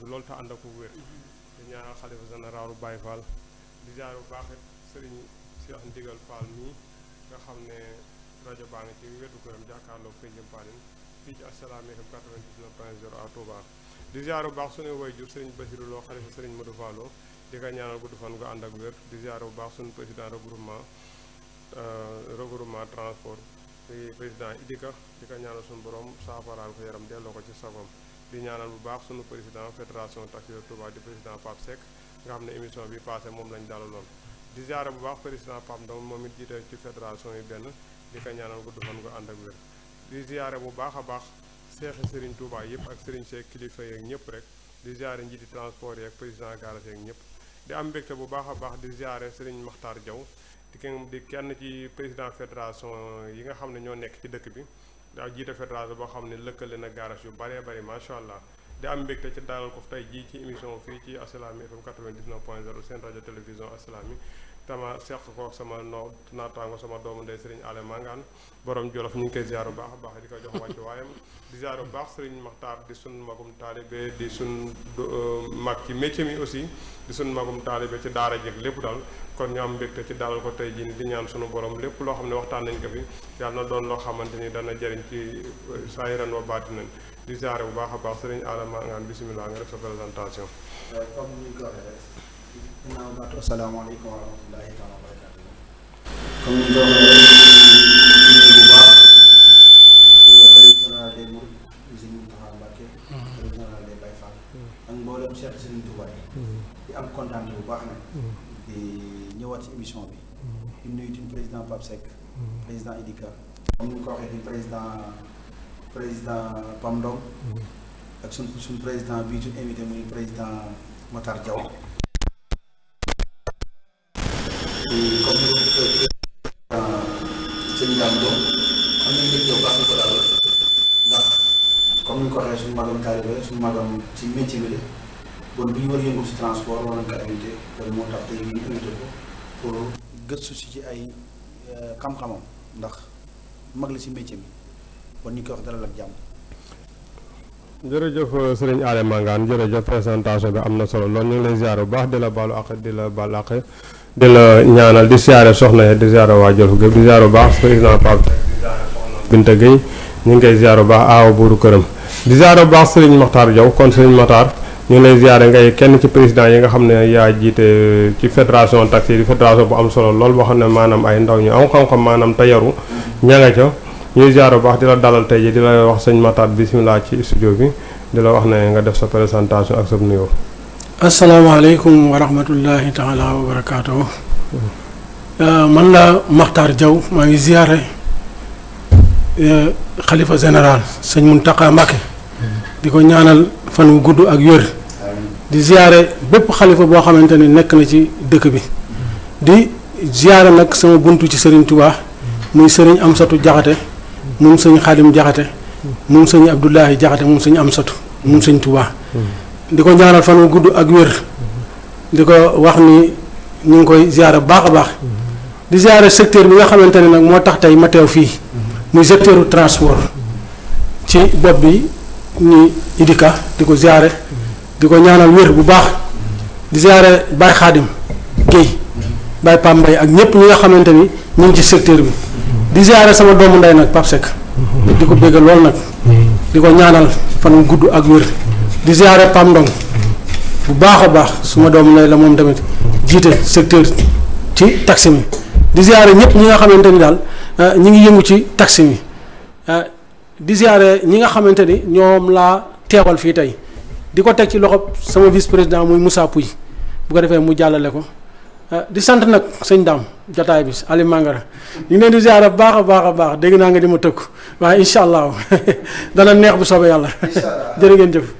fi loolu te ànd ak wér di ñaanal xalifa généralu Baye Fall di jaar bu baax it sëriñ Cheikh Ndigal Fall mii nga xam ne rajo baa ngi ci wetu këram jàkkaarloo Pénjum Paline fii ci asalaamaaleykum 99 point 0 à Touba di jaar bu baax suñu wayjur sëriñ Basiru Lo xalifa sëriñ Modou Fallo di ko ñaanal gudd fan gu ànd ak wér di jaar bu baax suñu président regroupement euh, regroupement transport président Idika di ko ñaanal suñu borom saafaraal ko yaram delloo ko ci sagoom di ñaanal bu baax sunu président fédération taxi de di président Pape Seck nga xam ne émission bi passé moom lañu dalaloon di ziare bu baax président Pape Ndao moom it jiite ci fédération yi benn di ko ñaanal gudd fan gu ànd ak wér di ziare bu baax a baax seexi Serigne Touba yëpp ak Serigne Seck kilifa yeeg ñëpp rek di ziare njiiti transport yeeg président garage yeeg ñëpp di am mbégte bu baax a baax di ziare Serigne Makhtar Diaw di kenn di kenn ci président fédération yi nga xam ne ñoo nekk ci dëkk bi daa jiite fédération boo xam ne lëkkale a garage yu bëree bëri macha allah di am mbégte ci daalal ko tey jii ci émission fii ci Assalaamy FM 99 point 0 seen rajo télévision Assalaamy tama seq kook sama noo naataango sama doomu ndey sëriñ ale mangaan borom jolof ñu ngi koy ziar bu baax baax di ko jox wàccu waayam di ziar bu baax sëriñ maxtaar di sun magum taalibe di sun euh, mag ci métier mi aussi di sun magum taalibe ci daara jëg lépp daal kon ñu am mbégte ci dalal ko tey jii di ñaan sunu borom lépp loo xam ne waxtaan nañ ko fi yàlla doon loo xamante ni dana jëriñ ci euh, saayiran wa baatinan di ziar bu baax a baax sëriñ ale mangaan bisimilah nga def sa présentation euh, comme ginnaaw baatu asalaamaaleykum wa rahmatullahi taala wa barakaatu comme nga waxee bu baax xalifa général des moom sëñ Mountakha Mbacké xalifa général des Baye Fall ak kontaan bu baax nag ñëwaat ci émission bi di nuyu tamit président Pape président Idika comme ni ko waxee di président président Pam Ndong ak suñ suñ président bi suñ invité président Matar Diaw comme ni ko sëñ Dame magam taalibe suñu ci moo tax tey ñu invité ko pour gëstu si ay xam-xamam ndax mag la si métier bi bon ñu koy wax dalal ak jàmm. jërëjëf euh, sëriñ Alé jërëjëf présentation bi am na solo lool ñu ngi bu baax di la baalu ak di la baal ak di la ñaanal di siyaare soxna ya di siyaare waa Jolof gépp di siyaare bu baax président Pape Binta Gueye ñu ngi koy siyaare bu baax aawa buuru këram di siyaare bu baax Serigne maxtar Diaw kon Serigne Makhtar ñu ngi lay siyaare ngay kenn ci président yi nga xam ne yaa jiite euh, ci fédération taxi di fédération bu am solo lool boo xam ne maanaam ay ndaw ñu am xam-xam maanaam te yaru ña nga ca ñuy siyaare bu baax di la dalal tey ji di la wax sëñ Makhtar bisimilah ci studio bi di la wax ne nga def sa présentation ak sa nuyoo. asalaamaaleykum wa rahmatullahi taala wa barakaatu. Euh, man la maxtar Diaw maa ngi ziare euh, xalifa général sëñ Mountakha Mbacké di ko ñaanal fan wu gudd ak wér di ziare bépp xalifa boo xamante ni nekk na ci dëkk bi di ziare nag sama bunt ci sëriñ Touba muy sëriñ Amsatu Jaxate moom sëñ Xaadim Jaxate moom sëñ Abdoulahi Jaxate moom sëñ Amsatu moom sëñ Touba. di ko ñaanal fan wu gudd ak wér di ko wax ni ñu ngi koy ziare baax a baax di ziare secteur bi nga xamante ni nag moo tax tey ma teew fii muy secteuru transport ci bopp bi ñu idika di ko ziare di ko ñaanal wér bu baax di ziare Baye Khadim Guèye Baye Pambay ak ñëpp ñi nga xamante ni ñu ngi ci secteur bi di ziare sama doom ndey nag Pape Seck di ko bégg lool nag di ko ñaanal fan wu gudd ak wér. di ziare Pam Ndong bu baax a baax suma doom lay la moom tamit jiite secteur ci taxi mi di ziare ñëpp ñi nga xamante ni daal euh, ñi ngi yëngu ci taxi mi euh, di ziare ñi nga xamante ni ñoom laa teewal fii tey di ko teg ci loxo sama vice président muy Moussa Pouy bu ko defee mu jàllale ko euh, di sant nag sëñ daam jataay bi Ali Mangara ñu ngi leen di ziare baax a baax a baax dégg naa nga di ma tëkk waaye incha allah dana neex bu soobee yàlla jërë ngeen jëf.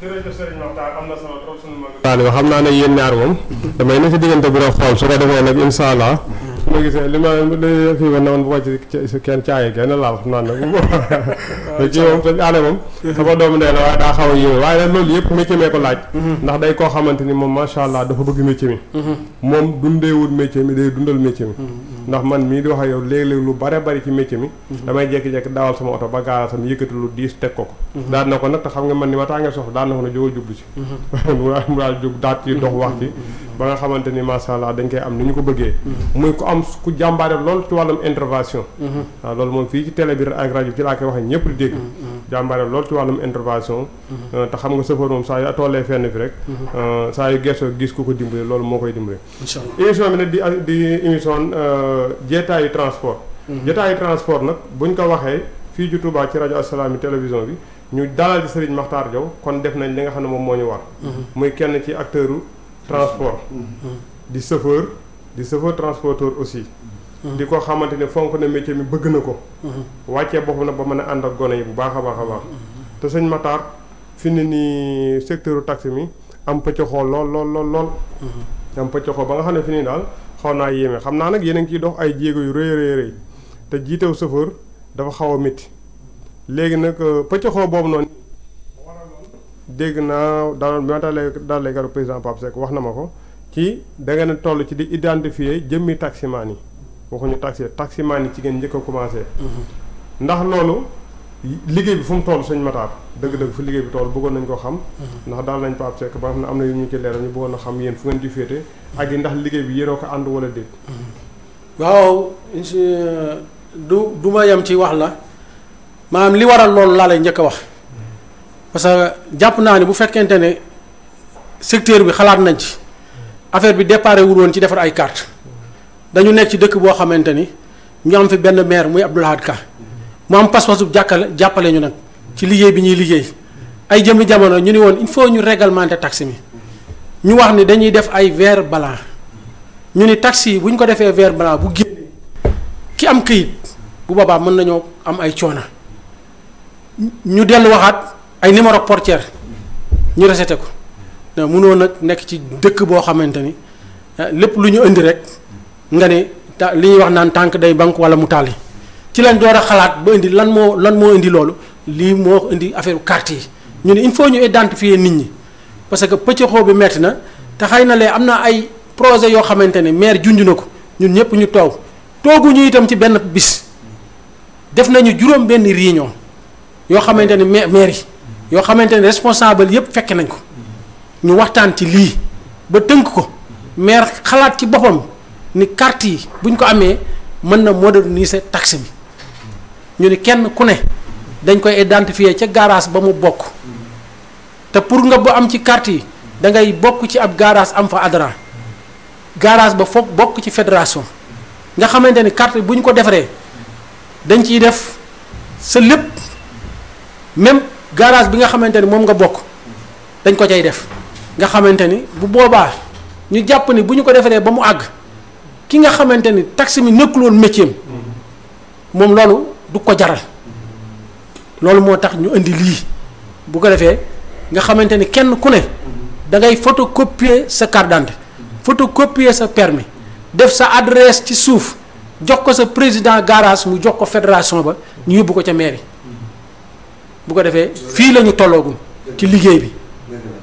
jërëjëf Serigne Mokhtar am xam naa ne yéen ñaar moom. damay na si diggante bu doon xool su ko defee nag incha allah. su ma gisee li ma li fii ba ne woon bu wàcc caayi kenn laal xam naa ne moom sëñ Aane moom. sama doom ndey na waaye daa xaw a yéeme waaye nag loolu yëpp métier mee ko laaj. Mhm. ndax day koo xamante ni moom macha allah dafa bëgg métier mi. Mhm. moom dundee wut métier mi day dundal métier mi. Mhm. ndax man mii di wax ak léeg-léeg lu bare bari ci métier mi mhm. damay jekki-jekki daawal sama oto ba gaara sam yëkkati lu diis teg ko ko mhm. daan na ko nag te xam nga man ni wataangee soxla daan na ko ne jóg a jublu mhm. mu daal jóg daat ci dox wax ci ba nga xamante ni macha dañ koy am ni ñu ko bëggee muy ku am ku jàmbaare lool ci wàllum intervention waaw loolu moom fii ci télé bi ak bi ci laa koy waxee ñëpp di dégg jàmbaare lool ci wàllum intervention mhm. euh, te xam nga chauffeur moom saa yu tollee fenn fi rek mhm. euh, saa yu gëstoo gis ku ko dimbale loolu moo koy dimbale émission bi nag di di émission euh, jeetaayu transport mhm. jeetaayu transport nag buñ ko waxee fii ju Touba ci rajo Assalaamy télévision bi ñu dalal di Serigne Makhtar Diaw kon def nañ li nga xam ne moom moo ñu war muy kenn ci acteuru transport di chauffeur di chauffeur transporteur aussi di ko xamante ne fonk na métier mi bëgg na ko. Mhm. wàccee boppam na ba mën a ànd ak gone yi bu baax a baax a baax. Mhm. te ma Matar fi ne nii secteur taxi mi am pëcc xool lool lool lool lool. Mhm. am pëcc xool ba nga xam ne fi nii daal xaw naa yéeme xam naa nag yéen a ngi dox ay jéego yu rëy rëy te jiitew chauffeur dafa xaw a métti léegi nag euh, pëcc xool boobu noonu. dégg naa daal bi ma daal daal lay président Pape wax na ma ko ci da tollu ci di identifier jëmmi taximaan yi. waxuñu taxi taximaan yi ci ngeen njëkk a mm-hmm. ndax loolu liggéey bi fu mu toll suñ mataar dëgg-dëgg fu liggéey bi tool bëggoon nañ ko xam. Mm-hmm. ndax daal nañ Pape Seck ba nga xam ne am na yu ci leeral a xam yéen fu mm-hmm. ak ndax liggéey bi yéenoo ko ànd walla déet. waaw du du yem ci wax la maanaam li waral loolu laa lay njëkk a wax parce que jàpp naa ne bu fekkente ne secteur bi xalaat nañ ci affaire bi déparé wul woon ci defar ay kart dañu nekk ci dëkk boo xamante ni ñu am fi benn maire muy Abdou Lahad Ka mu am pas-pasu jàkkale jàppale ñu nag ci liggéey bi ñuy liggéey ay jëmm jamono ñu ni woon il faut ñu réglementer taxi mi ñu wax ni dañuy def ay vert blanc ñu ni taxi yi bu ñu ko defee vert blanc bu génne ki am këyit bu boobaa mën nañoo am ay coona ñu dellu waxaat ay numéro portière ñu reseté ko na mënoo nag nekk ci dëkk boo xamante ni eh, lépp lu ñu indi rek. nga ne ta li ñuy wax naan tànk day banque wala mu tàlli ci lañ door a xalaat ba indi lan moo lan moo indi loolu lii moo indi affaire carte yi ñu ne il faut ñu identifier nit ñi parce que pëccëxoo bi metti na te xëy na lee am na ay projet yoo xamante ne maire junj na ko ñun ñëpp ñu toog ñu itam ci benn bis def nañu juróom benn réunion yoo xamante ne maire yi yoo xamante ne responsable yëpp fekke nañ ko ñu waxtaan ci lii ba tënk ko maire xalaat ci boppam ni carte yi bu ñu ko amee mën na modernise taxi bi ñu ni kenn ku ne dañ koy identifier ca garage ba mu bokk te pour nga bu am ci carte yi da ngay bokk ci ab garage am fa adhérent garage ba foofu bokk ci fédération nga xamante ni carte bu ñu ko defaree dañ ciy def sa lépp même garage bi nga xamante ni moom nga bokk dañ ko cay def nga xamante ni bu boobaa ñu jàpp ni bu ñu ko defaree ba mu àgg ki nga xamante ni taxi mi nekkul woon moom loolu du ko jaral loolu moo tax ñu indi lii bu ko defee nga xamante ni kenn ku ne da ngay photocopier sa carte d'identité photocopier sa permi def sa adresse ci suuf jox ko sa président garage mu jox ko fédération ba ñu yóbbu ko ca mairie bu ko defee fii la ñu ci liggéey bi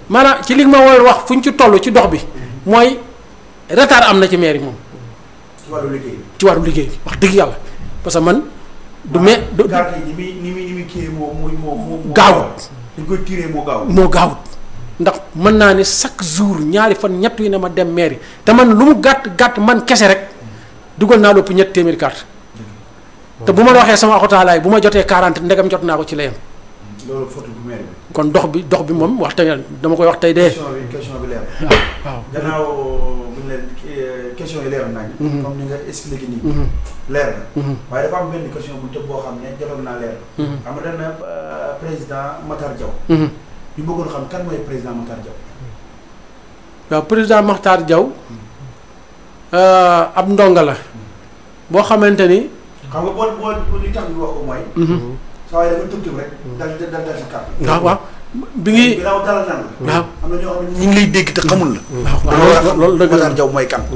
maanaam ci li ma wax fu ñu ci toll ci dox bi mooy retard am na ci mairie moom. wàllu liggéey ci wàllu liggéey wax dëgg yàlla parce que man. du mais du gàtt yi ni muy ni muy kii moo moo gaawut dañ koy tiré moo gaawut moo gaawut ndax mën naa ne chaque jour ñaari fan ñett yi ne ma dem mairie te man lu mu gàtt gàtt man kese rek dugal naa lépp ñett téeméeri carte te bu ma la waxee sama axotaalaay bu ma jotee 40 ndegam jot naa ko ci la yem. kon dox bi dox bi moom wax tey dama koy wax tey de. question bi question yi leer nañ mhm. comme ni nga expliqué nii mhm. leer na mhm. waaye dafa am benn question bu tëb boo xam ne jotoon naa leer na xam nga dañ na euh, président Matar Diaw ñu bëggoon xam kan mooy président Matar Diaw waaw président Matar Diaw euh, ab ndonga la boo xamante ni xam nga boo boo li tax ñu wax ko mooy saa waaye dafa tëb tëb rek dal dal dal sa kàddu waaw bi ngi waaw ñu ngi lay dégg te xamul la. Mm. loolu dëgg la jaw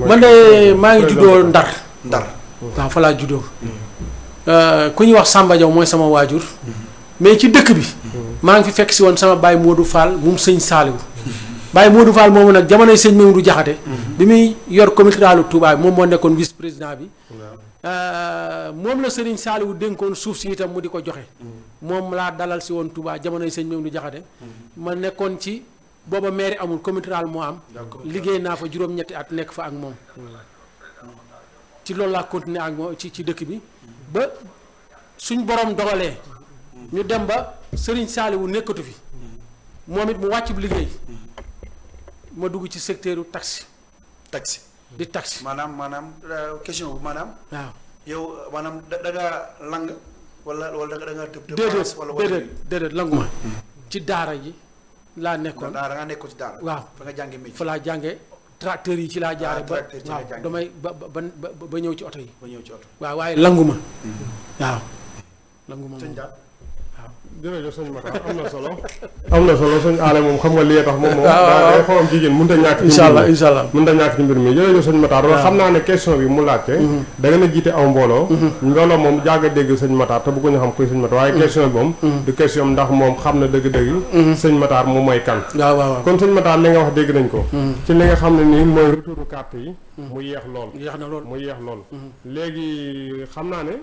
man de maa ngi juddoo Ndar. Ndar waaw fa laa juddoo. Mm. Euh, ku ñuy wax Samba Jaw mooy sama waajur. Mm. mais ci dëkk bi. maa ngi fi fekk si woon sama baay Modou Fall moom sëñ Saaliwu. baay Modou Fall moomu nag jamonoy sëñ Mamadou Jaxate bi muy yor comité dalu Touba bi moom moo nekkoon vice président bi. Euh, moom la Serigne Saliou dénkoon suuf si itam mu di ko joxe. Mm-hmm. moom laa dalal si woon Touba jamonoy sëñ Maodo Jaxate ma nekkoon ci booba mairie amul comité rural moo am. liggéey naa fa juróom-ñetti at nekk fa ak moom. ci loolu laa continuer ak moom ci dëkk bi. Mm-hmm. ba suñ borom doxalee mm-hmm. ñu dem ba Serigne Saliou nekkatu fi. moom it mu wàcc bu liggéey. ma dugg ci secteur taxi. taxi. di tax maanaam maanaam euh, question bu maanaam. waaw yow maanaam da lang wala wala da ngaa tëb tëb. wala languma. Mm. ci daara yi laa nekkoon. daara nga nekkoon ci daara. waaw fa nga fa laa jàngee. tracteurs yi ci laa jaar ba ah, waaw damay ba ba ba ba ñëw ci oto yi. ba ñëw ci oto waaw waaye languma. Mm. waaw languma moom. jërëjëf sëñ Matar am na solo am na solo sëñ Aale moom xam nga lii tax moom moom ah, daa jigéen mënut a ñàkk incha allah incha allah mënut a ñàkk ci mbir mi jërëjëf sëñ Matar loolu ah. xam naa ne question bi mu laajte mm-hmm. da nga ne jiite aw mbooloo mbooloo mm-hmm. moom jàgg a dégg sëñ Matar te bëgguñu xam koy sëñ Matar waaye mm-hmm. question bi moom du question ndax moom xam na dëgg-dëgg sëñ Matar moom mooy kan ah, kon sëñ Matar li nga wax dégg nañ ko ci li nga xam ne nii mooy retouru carte yi mu yeex lool mu yeex lool léegi xam naa ne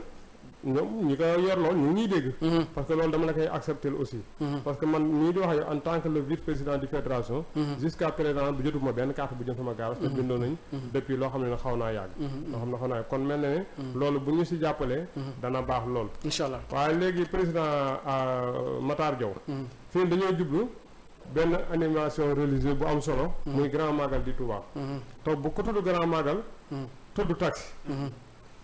ñoom ñi ko yor lool ñu ngi dégg mm-hmm. parce que loolu dama la koy accepter aussi mm-hmm. parce que man ñii di wax yow en tant que le vice président du fédération mm-hmm. jusqu'à présent bu jotuma benn carte bu jëm sama garage te bindoon nañ depuis loo xam ne na xaw naa yàgg loo xam ne xaw naa yàgg kon mel na ne loolu bu ñu si jàppalee dana baax lool incha allah waaye léegi président euh, Matar Diaw fii dañoo jublu benn animation religieuse bu am solo muy grand magal di Touba te bu ko tudd grand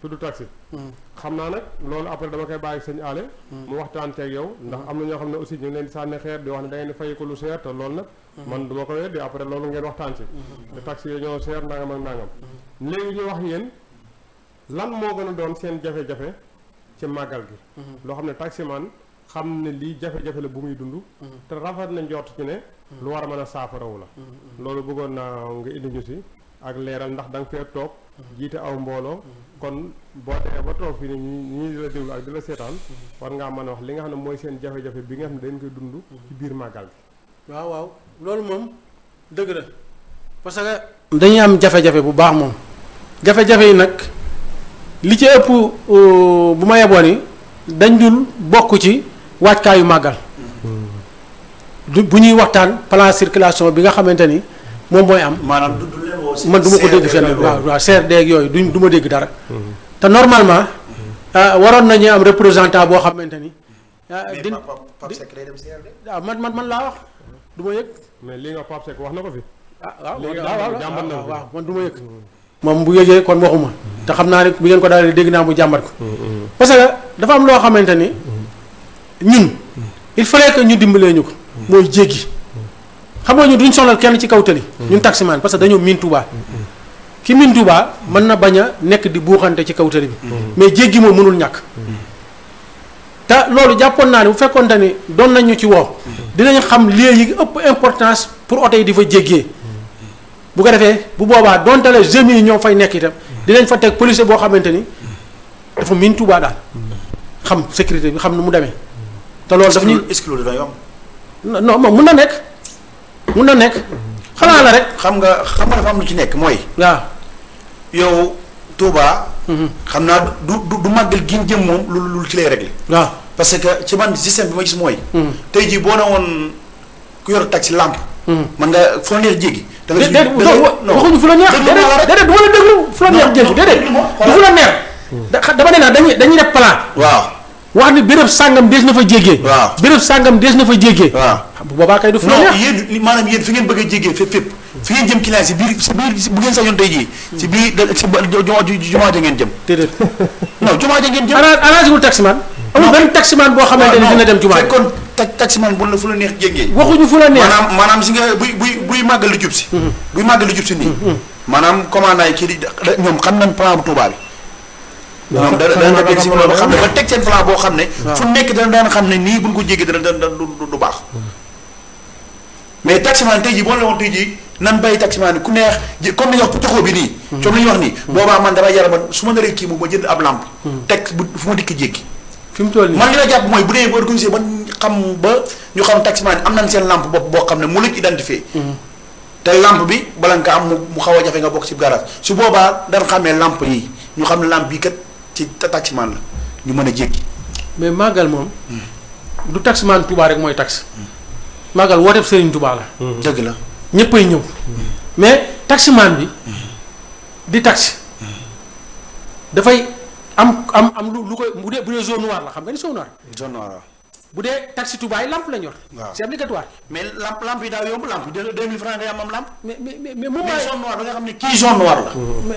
tudd taxi. Hmm. xam naa nag loolu après dama koy bàyyi sëñ aale hmm. mu waxtaan ak yow ndax am na ñoo xam ne aussi ñu ngi leen di sànni xeer di wax ne da ngeen di fay ko lu seer te loolu nag hmm. man du ma ko weddi après loolu ngeen waxtaan ci te taxi yi ñoo seer nangam ak nangam léegi ñu wax yéen lan moo gën a doon seen jafe-jafe ci màggal gi loo xam ne man xam ne lii jafe-jafe la bu muy dund te rafet na njort ci ne lu war a mën a saafarawu la loolu bëggoon naa indi ñu ak leeral ndax da nga toog jiite aw mbooloo kon boo demee ba toog fii ñu ñii di la déglu ak di la seetaan war ngaa mën wax li nga xam ne mooy seen jafe-jafe bi nga xam ne dañ koy dund biir màggal gi waaw loolu moom dëgg parce que dañuy am jafe-jafe bu baax moom jafe-jafe yi nag li ci ëpp euh, bu ma yeboon yi dañ dul bokk ci waajkaayu màggal hmm. du bu ñuy waxtaan plan circulation bi nga xamante ni moom mooy am. maanaam du du leen woo man du ko dégg fenn waaw yooyu duñ du ma dégg dara. te normalement. Mm-hmm. Ah, waroon nañu am représentant boo xamante ni. Ah, di waaw ah, man man man laa wax du ma yëg. mais li wax na ko fi. ah waaw waaw waaw man du ma mm-hmm. moom bu yëgee kon waxuma mm-hmm. te xam naa ne bu ngeen ko daal dégg naa mu jàmbat ko. parce que dafa am loo xamante ni. ñun. il fallait que ñu dimbalee ñu ko. mooy jéggi. xam nga ñun duñ sonal kenn ci kaw tëli mm-hmm. ñun taximaan parce que dañoo miin Touba mm-hmm. ki miin Touba mën na bañ a nekk di buuxante ci kaw tëli bi mm-hmm. mais jéggi moom mënul ñàkk te loolu jàppoon naa ne bu fekkoonte ni doon nañu ci woo dinañ xam lieu ëpp importance pour oto yi di fa jéggee bu ko defee bu boobaa doontale jeunes yi ñoo fay nekk itam dinañ fa teg policier boo xamante ni dafa miin Touba daal xam sécurité bi xam nu mu demee te loolu daf ñuy est-ce que loolu nekk mun na nekk. xanaa la rek xam nga xam nga dafa am lu ci nekk mooy. waaw yow Touba. Mhm. xam naa du du du màggal gi jëm moom lu lu ci lay réglé. waaw parce que ci man système bi ma gis mooy. Mhm. tey jii boo ne woon ku yor taxi lampe. mën mhm. nga fu la neex jéggi. da nga dégg waxuñu fu la neex. déedéet du ma la déglu fu la neex jéggi déedéet. du fu neex. dama ne la dañuy dañuy def plan. waaw. wax ni béréb sàngam dees na fa jéggee. waaw béréb sàngam dees na fa jéggee. waaw bu boobaa kay du. fi non yéen maanaam yéen fi ngeen bëgg a jéggee fépp fépp fi ngeen jëm client si biir si biir bu ngeen sañoon tey jii. si biir si jumaa ja ngeen jëm. déedéet non jumaa ja ngeen jëm. arrangé wul taximaan. amul benn taximaan boo xamante ne dina dem jumaa kon taximaan bu la fu la neex jéggee. waxuñu fu la neex maanaam maanaam si nga buy buy buy màggal lu jub si. Mm-hmm. buy màggal lu jub si nii. Mm-hmm. maanaam commandant yi kii di ñoom xam nañ plan bu Touba bi ñoom dana teg si xam ne ba teg seen plan boo xam ne hmm. fu nekk dana daan xam ne nii buñ ko jéggi dana dana du baax hmm. mais taximaan tey jii boo la woon tey jii nan bàyyi taximaan ku neex comme ni nga wax joxoo bi nii hmm. comme li ñuy wax nii boobaa man dama yaraman su ma naree kii moom ma jënd ab lampe teg bu fu ma dikk jéggi fi mu toll nii man li la jàpp mooy bu dee bu organisé ba xam ba ñu xam taximaan am nañ seen lampe bopp boo xam ne mu lañ identifié te lampe bi bala nga am mu xaw a jafe nga bokk ci garage su boobaa dan xamee làmp yi ñu xam ne lampe bii kat ci taxman la ñu mën a jéggi. mais màggal moom. Hmm. du taxman Touba rek mooy tax. màggal wooteeb Serigne Touba la. Hmm. dëgg la ñëppay ñëw. Hmm. mais taxman bi. di tax. dafay am am am lu lu koy bu dee bu dee zone la xam nga ni zone noire. bu dee taxi Touba yi lamp lañ yor. waaw mais lamp lamp yi daaw yomb lamp deux mille francs day nga xam ne kii zone noire la.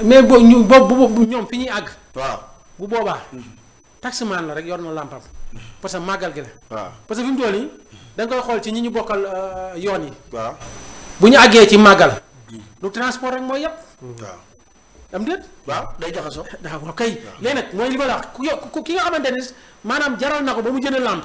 mais boo ñu boobu ñoom fi ñuy àgg. waaw. bu boobaa. tax taximaan la rek yor na làmpam. parce que màggal gi la. waaw parce que fi mu toll nii da nga koy xool ci ñi ñu bokkal euh, yoon yi. waaw bu ñu àggee ci màggal. lu transport rek mooy yëpp. waaw. am déet. waaw day jaxasoo. waaw kay léegi nag mooy li ma la ku ki nga xamante ni maanaam jaral na ko ba mu jënd làmp.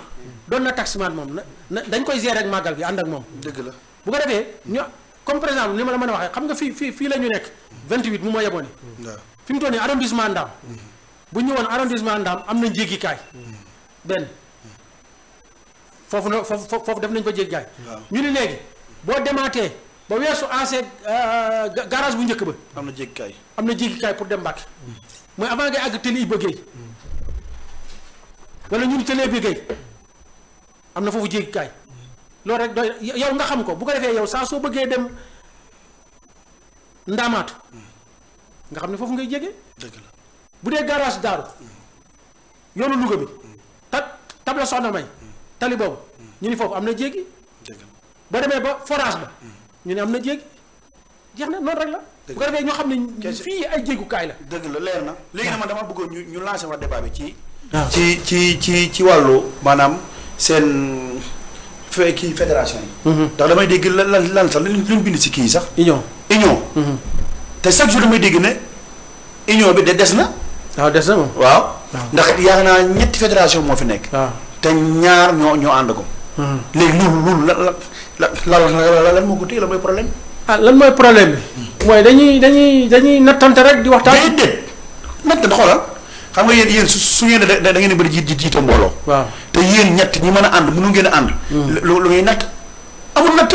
doon tax taximaan moom na dañ koy gérer ak màggal gi ànd ak moom. dëgg la bu ko defee ñu comme par exemple ni ma la mën a waxee xam nga fii fii fii la ñu nekk. 28 mu ma yeboon. waaw fi mu toll nii arrondissement Ndam. Mm-hmm. bu ñu ñëwoon arrondissement Ndam am na jéggikaay benn foofu na foofu foofu def nañ fa jéggikaay ñu ni léegi boo demaatee ba weesu AC euh, garage bu njëkk ba am na jéggikaay am na jéggikaay pour dem Mbàkke mooy avant ngay àgg tëli i bëggee wala ñu ni tëlee bëggee am na foofu jéggikaay loolu rek doy yow nga xam ko bu ko defee yow saa soo bëggee dem ndaamaat nga xam ne foofu ngay jégee bu dee garage daaru yoonu Louga bi ta tabla soxna may tali boobu ñu ni foofu am na jéegi ba demee ba forage ba ñu ne am na jéegi jeex na noonu rek la bu ko defee ñoo xam ne fii ay jéegukaay la dëgg la leer na léegi nag man dama bëggoon ñu ñu lancer wax débat bi ci ah. ci ci ci ci wàllu maanaam seen fe kii fédération yi mhm. ndax damay dégg lan lan lan sax lu ñu bind si kii sax union union mhm. te chaque jour damay dégg ne union bi de des na waaw des na moom waaw. ndax yaakaar naa ñetti fédération moo fi nekk. te ñaar ñoo ñoo ànd ko. Hmm. léegi loolu loolu la la la la lan moo ko téye la mooy problème. ah lan mooy problème bi. Hmm. mooy dañuy dañuy dañuy nattante rek di waxtaan. déedéet nattante xoolal xam nga yéen yéen su su ngeen da da ngeen bëri jiit jiite mbooloo. waaw te yéen ñett ñi mën a ànd mënu ngeen a ànd. Hmm. lu lu ngay natt amul natt.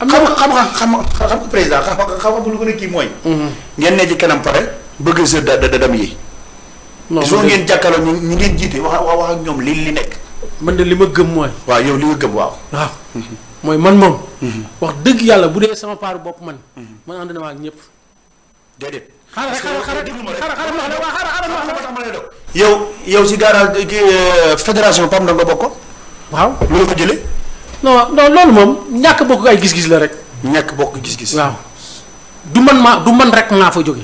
am na xam nga xam nga xam président xam nga xam nga lu gën a kii mooy. Mhm. ngeen ne ci kanam pare bëgg sa da da dam yi. non soo ngeen jàkkaarloo ñu ñu ak ñoom li li nekk. man na li ma gëm mooy. waaw yow li nga gëm waaw. Mhm. mooy man moom. Mhm. wax dëgg yàlla bu dee sama paaru bopp man. man ànd na ma ak ñëpp. déedéet. xaaral xaaral xaaral xaaral yow yow si garage euh, fédération PAM na nga bokk. waaw lu la ko jëlee. non non loolu moom ñàkk bokk ay gis-gis la rek. ñàkk bokk gis-gis. waaw du man maa du man rek maa fa jóge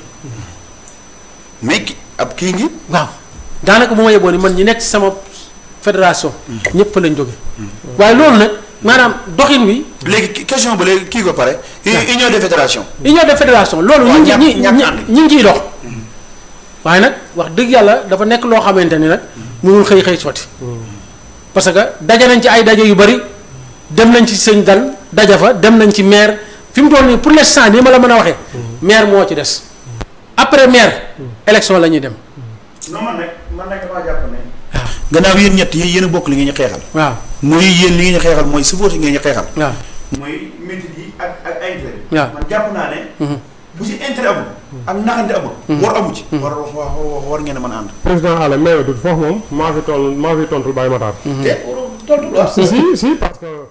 mais ki ab kii ngi. waaw daanaka bu ma yeboo ni man ñi nekk ci sama fédération. ñëpp fa lañ jóge waaye loolu nag maanaam doxin wi. léegi question ba léegi kii ko pare. union des fédérations. union des fédérations loolu. ñu ngi ñu ngi ciy dox. waaye nag wax dëgg yàlla dafa nekk loo xamante ni nag mënul xëy xëy sotti. Hmm. parce que daje nañ ci ay daje yu bari. dem nañ ci sëñ dan daja fa dem nañ ci maire fi mu toll nii pour l'instant nii ma la mën a waxee. Mm-hmm. maire moo ci des. après maire. Mm-hmm. élection la ñuy dem. Mm-hmm. non man nag man nag damaa jàpp ne. Ah. gannaaw yéen ñett yi yéen a bokk li ngeen ñu xeexal. waaw mooy yéen li ngeen ñu xeexal mooy supporté ngeen ñu xeexal. waaw mooy métier yi ak ak ay intérêt. waaw man jàpp naa ne. bu ci intérêt amul. ak naxante amul. war amu ci. war war war ngeen a mën a ànd. président Alla mais du foofu moom maa fi toll maa fi tontul Baye Matar. te eh, tontul ah. si si si parce que.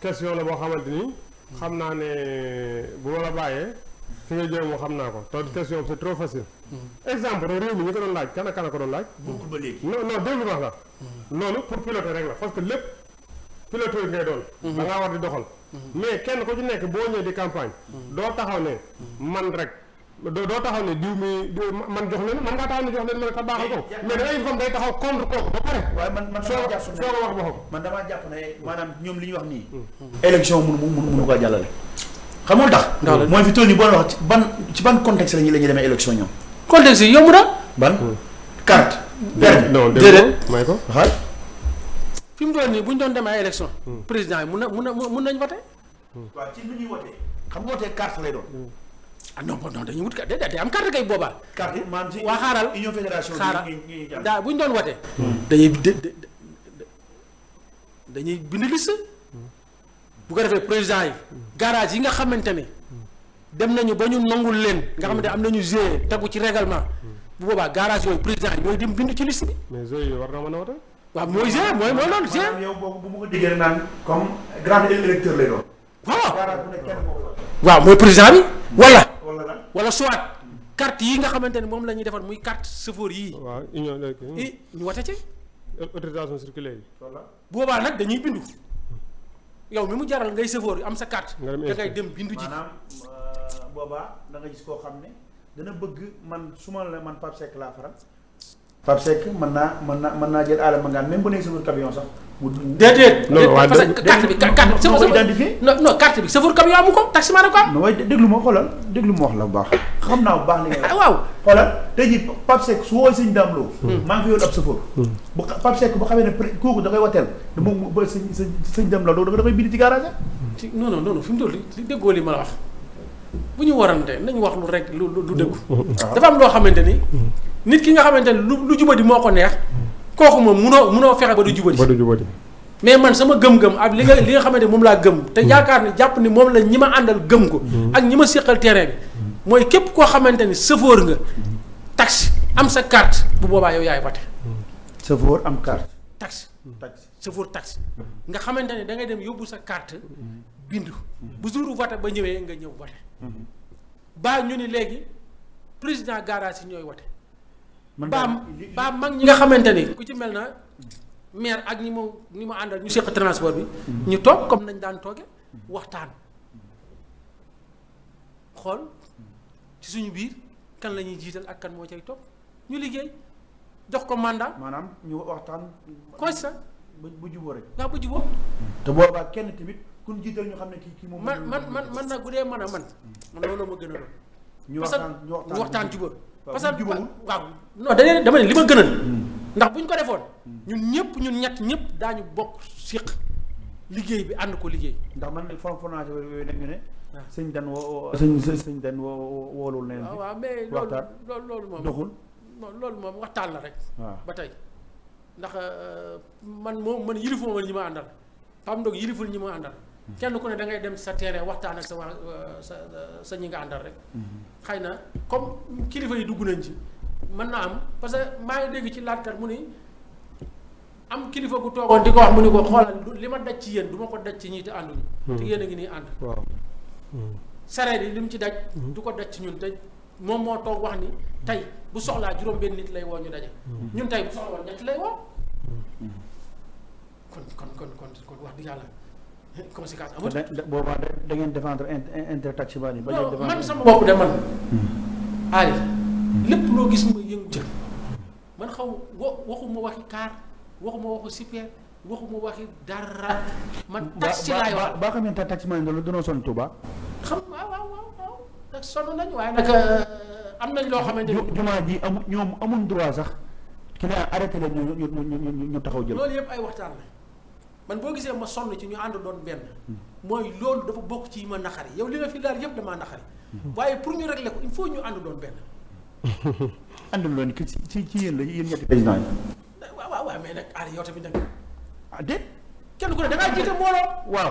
question la boo xamante ni xam naa ne bu ma la bàyyee fi nga jëm moo xam naa ko te question c'est trop facile mm-hmm. exemple rek réew mi ñu ko doon laaj kan ak ko doon laaj ba léegi non non déglu wax la mm-hmm. pour piloter rek la parce que lépp piloter ngay doon mm-hmm. da war di doxal mais kenn ku ci nekk boo ñëwee di campagne doo taxaw ne man rek doo taxaw ne diw mi man jox la man ngaa taxaw ne jox leen man ka baaxal ko mais dangay ba pare. waaye man man soo wax boppam. man damaa jàpp ne maanaam ñoom ñu wax nii. élection mënu mënu mënu koo jàllale. xam nga tax. mooy fi toll nii boo wax ci ban ci ban contexte la ñuy la ñuy demee élection ñoom. contexte yi yomb na. ban hmm. carte. Hmm. benn déedéet may ko waxal. fi mu toll nii bu ñu doon demee ay élection hmm. président yi mun na mun nañ mun nañu voté. waaw ci li ñuy voté. xam nga voté carte lay doon. ah non non dañuy wut ka day am carte kay boobaa. carte maam ci waa xaaral union fédération daa bu ñu doon wote hmm. dañuy dañuy bind liste. bu ko defee président yi. garage yi nga xamante ni. dem nañu ba ñu nangul leen. nga xam ne am nañu GIE tegu ci règlement. bu boobaa garage yooyu président yi ñooy dem bind ci liste bi. mais GIE war na mën a wote. waaw mooy GIE mooy mooy loolu GIE. yow boobu bu ko déggee naan comme grand électeur lay doon. waaw mooy président bi wala. wala soit carte yi nga xamante ne moom la ñuy defar muy carte chauffeur yii. waaw union i eh, ñu wate ci. autorisation circulaire yi. boobaa nag dañuy bindu. yow mi mu jaral ngay chauffeur am sa carte. da ngay dem bindu ji maanaam euh, boobaa da nga gis koo xam ne dana bëgg man su ma la man Pape Seck laa faral Pape Seck mën naa mën naa mën naa jël Adama Ngane bu nekk sama camion sax. déedéet parce que carte bi carte bi sama identifié non non carte bi chauffeur camion amu ko taximan a ko am non waaye déglu ma xam naa bu baax li nga ah, hmm. hmm. kooku da koy wateel da moom ba sëñ sëñ sëñ Dame Lo da koy bind ci garage non non non fi mu toll ma la wax bu ñu warante nañ wax lu rek lu lu dëggu ah. dafa am loo xamante ni hmm. nit ki nga xamante ne lu lu di moo ko neex kooku moom munoo munoo fexe ba du mm. jubadi. ba du mais man sama gëm-gëm ak li nga mm. li nga xamante ne moom laa gëm. te mm. yaakaar ne jàpp ni moom la ñi ma àndal gëm ko. ak ñi ma séqal terrain bi. mooy képp koo xamante ni sëfoor nga. taxi am sa carte bu boobaa yow yaay wate. sëfoor am carte. taxi sëfoor taxi nga xamante ne da ngay dem yóbbu sa carte. bindu bu jour wate ba ñëwee nga ñëw wate. baa ñu ni léegi président garage yi ñooy wate. baam baam mag ñi nga xamante ni ku ci mel na maire ak ñi mu ñi mu àndal ñu seq transport bi. Hmm. ñu toog comme nañ daan tooge waxtaan. xool ci suñu biir kan lañuy jiital ak kan moo cay topp ñu liggéey jox ko mandat. maanaam ñu waxtaan. constat. ba bu juboo rek. ndax bu juboo. te boobaa kenn tamit ku jiital ñu xam ne kii kii moom. man man man nag bu dee mën a man. man loolu ma gën a doon. Hmm. ñu waxtaan ñu waxtaan bi que waaw non dañu dama dem li ma gënal ndax bu ñu ko defoon ñun ñëpp ñun ñett ñëpp daañu bokk siq liggéey bi ànd ko liggéey ndax man fon fornage yooyu ne ah. sëñ dan woo sëñ sëñ dan woo woolul neen ah, waaw mais loolu loolu loolu moom loolu moom waxtaan la rek ah. ba tey ndax euh, man moom man yilifuma man ñi ma àndal pam ndoog yiliful ñi ma àndal hmm. kenn ku ne da ngay dem sa tere waxtaan ak sa waa euh, sa sa ñi nga àndal rek hmm. xay na comme kilifa yi dugg nañ ci mën na am parce que maa ngi dégg ci laajkat mu ni am kilifa bu toogoon di ko wax mu ni ko xoolal li ma daj ci yéen du ma ko daj ci ñii te ànduñu. Hmm. te yéen a ngi nii ànd. Hmm. sareet yi li ci daj. Hmm. du ko daj ci ñun te moom moo toog wax ni tey bu soxlaa juróom-benn nit lay woo ñu daje. ñun tey bu soxla woon ñett lay woo. kon kon kon kon wax dëgg yàlla. conséquence amul. boobaa da ngeen défendre intérêt taximaan yi. ba ngeen défendre man sama bopp de man. Hmm. Aliou. Hmm. lépp loo gis ma yëngu jël xaw waxuma waxi kaar waxuma waxu super waxuma waxi dara. man taxi laay wax ba ba xam ne taximaan yi dañoo sonn Touba. xam waaw waaw waaw nag sonn nañu waaye nag euh, am nañ loo xamante ni. jumaa ji amul ñoom amuñ droit sax. ki naan arrêté leen ñu ñu ñu ñu taxaw jël. loolu yëpp ay waxtaan man boo gisee ma sonn ci ñu ànd doon benn hmm. mooy loolu dafa bokk ci ma naxari yow li nga fi daal yëpp damaa naxari hmm. waaye pour ñu régler ko il faut ñu ànd doon benn àndaloon ki ci ci yéen la yéen ñetti président eh, waaw waaw nag aar ah, yow tamit nag ah kenn ku ne dangaa jiite mbooloo waaw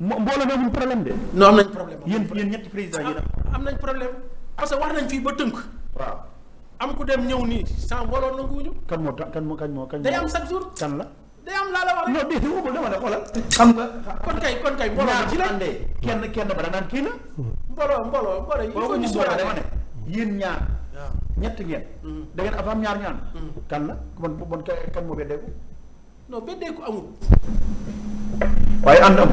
mbooloo bi amuñ problème de noo am nañ problème yéen yéen ñetti président yi ah, am nañ problème parce que wax nañ fii ba tënk waaw am ku dem ñëw nii sans mbooloo nanguwuñu kan moo kan moo kan moo kan day am chaque jour kan la day am laa la wax non déedéet woo xoolal. xam nga kon kay kon kay mbooloo ci la kenn kenn ba danaan kii la. mbooloo mbooloo mbooloo yi. foofu ñu sóoraale dama ne yéen ñaar. ñett ngeen. Mm. da ngeen am ñaar ñaan. Mm. kan la man man moo beddeeku. non beddeeku amul. waaye ànd am.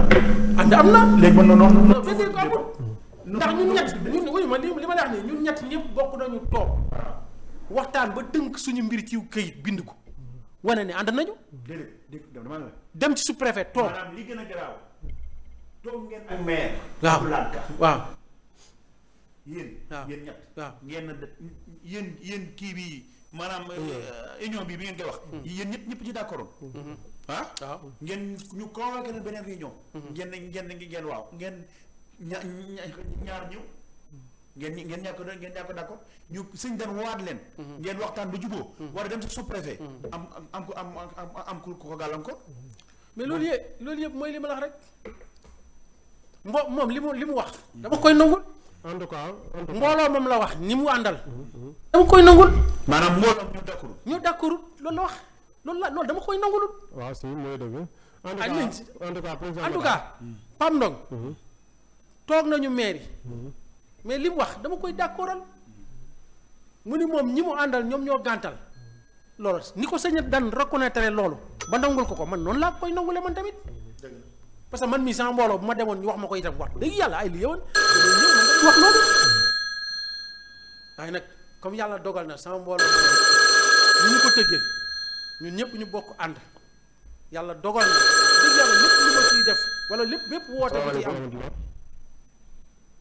ànd am na. léegi man noonu noonu. ndax ñun ñett ma li ma la wax nii ñun ñett ñëpp bokk nañu toog waxtaan ba dënk suñu mbir ci këyit bind ko. wane ni ànd nañu. dem ci sous-préfet toog maanaam li gën a garaaw toog ngeen ak maire. waaw waaw. yéen. waaw yéen ñett. waaw ngeen yéen yéen kii bi maanaam. Mm. Euh, union bi bi ngeen koy wax. Mm. yéen ñëpp ñépp ci d'accord. Mm-hmm. ah. waaw ngeen ñu convoqué na beneen réunion. Mm-hmm. ngeen ngeen ngeen waaw ngeen ña ñaar ñëw. ngeen ngeen ñàkk ngeen ñàkk d'accord ñu sëñ dan woowaat leen. Mhm. ngeen waxtaan ba juboo mhm. war a dem sa sous-préfet. Mhm. am am am am am ku ko gàllankoor. mais loolu yëpp loolu yëpp mooy li ma la wax rek. mbo moom li mu li mu wax. dama koy nangul. en tout cas mbooloo moom la wax ni mu àndal. dama koy nangul. maanaam mbooloo ñu dakkurut. ñu dakkurut loolu la wax loolu la loolu dama koy nangulul. waaw si mooy dëgg. en tout cas en tout cas Pam Ndong. toog nañu mairie. mais li wax dama koy d'accordal mu ni moom ñi mu àndal ñoom ñoo gàntal loolu ni ko sëñ dan reconnaître loolu ba nangul ko ko man noonu laa koy nangule man tamit parce que man mii sama mbooloo bu ma demoon ñu wax ma ko itam wax dëgg yàlla ay li yowoon loolu waaye nag comme yàlla dogal na sama mbooloo ñu ñu ko tëggee ñun ñëpp ñu bokk ànd yàlla dogal na dëgg yàlla lépp lu ma def wala lépp bépp woote ma ciy am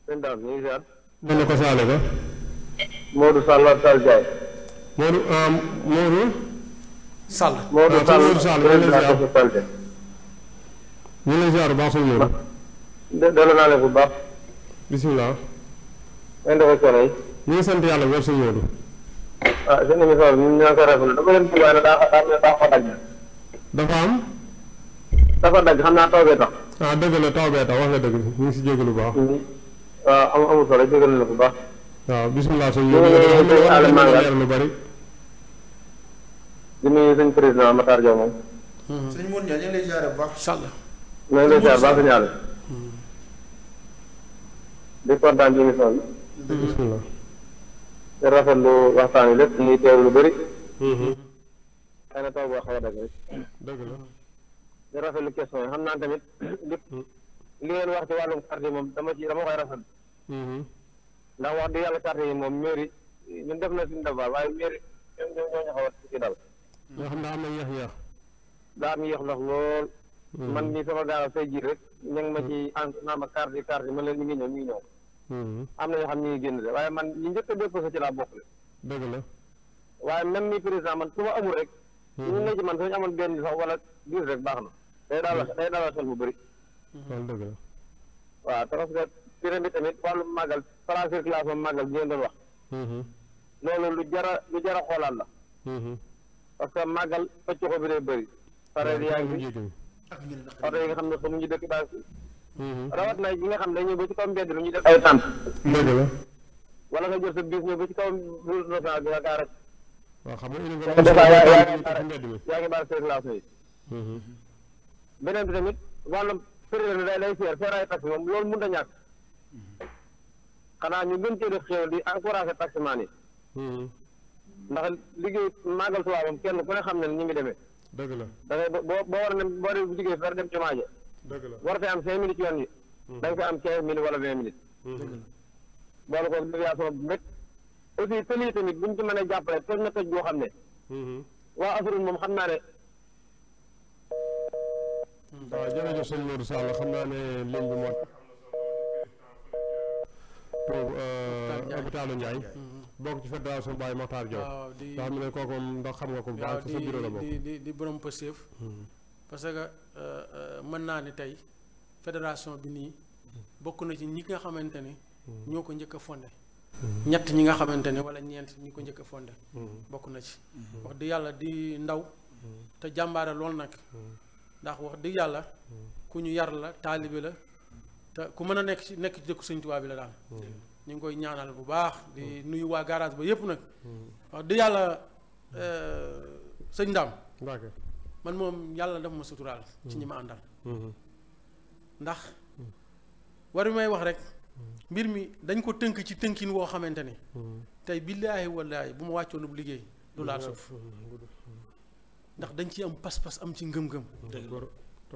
sëñ Dame ñu ngi ziar. ñu ne ko Saale ba. Modou Sall ak Sall Ndiaye. Modou euh, Modou. Sall Modou ah, Sall président santé. ñu ngi lay ziar bu baax sëñ Modou. delloo naa leen bu baax. bisimilah. ngeen defee coono yi. ñu ngi sant yàlla bu baax sëñ Modou. ah seen émission bi ñun ñoo ngi koy rafetlu dafa leen bëgg a daa dafa daj. dafa am. dafa daj xam naa taw bee tax. ah dëgg la taw bee tax wax nga dëgg ñu ngi si jóge lu baax. waaw am amul solo jégal na bu baax. waaw bisimilah sëñ bi lu bari. di nuyu sëñ président Matar Diop moom. sëñ Mourou Ndiaye ñu ngi lay ziare bu baax incha allah. ñu ngi lay ziare baax na ñu di kontaan ci émission bi. bisimilah. di rafetlu waxtaan wi lépp ñuy teew lu bari. Mhm. xëy na taw boo xaw a dëgg rek. dëgg la. di rafetlu question yi xam naa tamit lépp mm. li ngeen wax ci wàllum carte yi moom dama ci dama koy rafetlu. Mm-hmm. ndax wax dëgg yàlla carte yi moom mairie ñun def na suñu devoir waaye mairie ñu xaw a ci dal. yoo xam ne am na yéex-yéex. daa am yéex ndox lool. Mm-hmm. man mii sama gaal fay ji rek ñu ngi na ci en mm-hmm. naa ma carte yi man leen ñu ngi ñëw ñu ngi am na ñoo xam génn de waaye man ñi njëkk a laa bokk la. dëgg la. mi président man su amul rek. ñu ne ci man suñu amoon benn sax wala diis rek baax na. day daal day daal xel bu bëri. loolu dëgg la. waaw trop que pyramide tamit wàllum màggal plan circulation màggal bi ngeen doon wax mm-hmm. loolu lu jara lu jara xoolaat la mm-hmm. parce que màggal pëcc ko bi day bëri pareel mm-hmm. yaa ngi fi oto yi nga xam ne fa mu ñu dëkk baax rawat na yi nga xam ne dañuy ba ci kaw mbedd bi ñu def ay tànt wala nga jël sa bis ne ba ci kaw bul rosaan xam nga yaa ngi baar circulation yi beneen bi tamit wàllum période bi day day seer seer ay taxi moom loolu mun a ñàkk xanaa ñu gën cee def xéwal di encouragé taximaan yi. Hmm. ndax liggéey màggal Tuubaa moom kenn ku ne xam ne ñu ngi demee. dëgg la da ngay boo boo war a dem boo dem liggéey far dem jumaa ja. dëgg la war fee am cinq minutes yoon yi. Hmm. da nga fa am quinze minutes wala vingt minutes. boole ko déviation bu métti. aussi te lii tamit buñ ci mënee jàppale toj na xam ne. Hmm. waa Afrin moom xam naa ne. waaw jërëjëf sëñ ne lim bi moo. hôpitalu euh, Ndiaye mm-hmm. bokk ci fédération Baye Mokhtar xam ko daal di di borom mm-hmm. parce que euh, euh, mën naa ne tey fédération bi nii bokk na ci ñi nga xamante ni mm-hmm. ñoo ko njëkk a fondé ñett ñi nga xamante ne wala ñeent ñi ko njëkk a fondé bokk na ci wax dëgg yàlla di ndaw te jàmbaare lool nag ndax wax dëgg yàlla ku ñu yar la taalibe la ku mën a nekk ci nekk ci dëkku sëñ Tuubaa bi la daal. Hmm. ñu ngi koy ñaanal bu baax. di hmm. nuyu waa garage ba yépp nag. Hmm. wax dëgg yàlla euh, sëñ Ndam. man moom yàlla dafa ma suturaal. ci ñi ndax war may wax rek. mbir mi dañ ko tënk ci tënkin woo xamante ni. tey billaahi wallaahi bu ma wàccoon bu liggéey. lu laal suuf ndax dañ ci am pas-pas am ci ngëm-ngëm.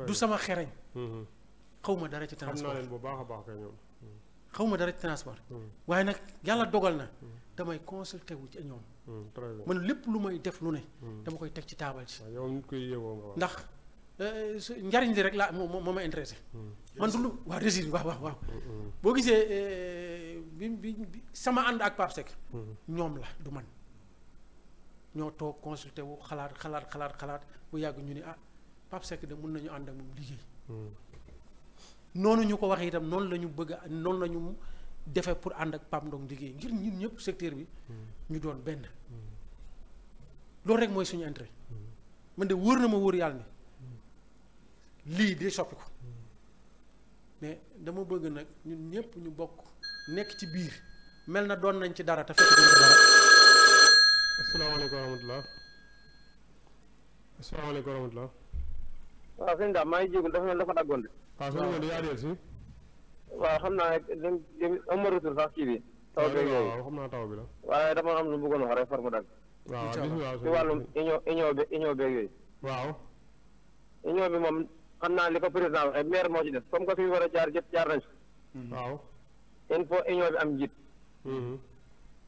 du sama xereñ. Hmm. xaw ma dara ci transport xam bu baax a baax kay xaw ma dara ci transport. waaye nag yàlla dogal na. Hmm. damay consulté wu ci ñoom. Hmm, man lépp lu may def lu ne. dama koy teg ci taabal ci yow nit koy yeewoo ndax euh, njariñ li rek laa moo moo ma intéressé. man du lu waa résil waaw waaw waaw. boo gisee euh, bi bi sama ànd ak Pape Seck. ñoom la du man ñoo toog consulté wu xalaat xalaat xalaat xalaat bu yàgg ñu ni ah Pape Seck de mun nañu ànd ak moom liggéey. noonu ñu ko waxee itam noonu la ñu bëgg a noonu lañu defe pour ànd ak Pape Ndong liggéey ngir ñun ñëpp secteur bi ñu doon benn loolu rek mooy suñu intérêt man de wóor na ma wóor yàlla ni lii di soppi ko mais dama bëgg nag ñun ñépp ñu bokk nekk ci biir mel na doon nañ ci dara te fekk duñ ci dara. asalaamaaleykum wa rahmatulah waaw sëñ daam maa ngi jégalu dafa mel dafa daggoon de. waaw sëñ Modou yaa del si. xam naa bi. taw bi la. waaye dama am nu mu bëggoon wax rek far mu dagg. waaw bisimilah si bi union xam naa li ko président waxee maire moo ci def comme que fi war a jaar jëpp jaar nañ si. Mm-hmm. waaw. il faut union bi am njiit. Mm-hmm.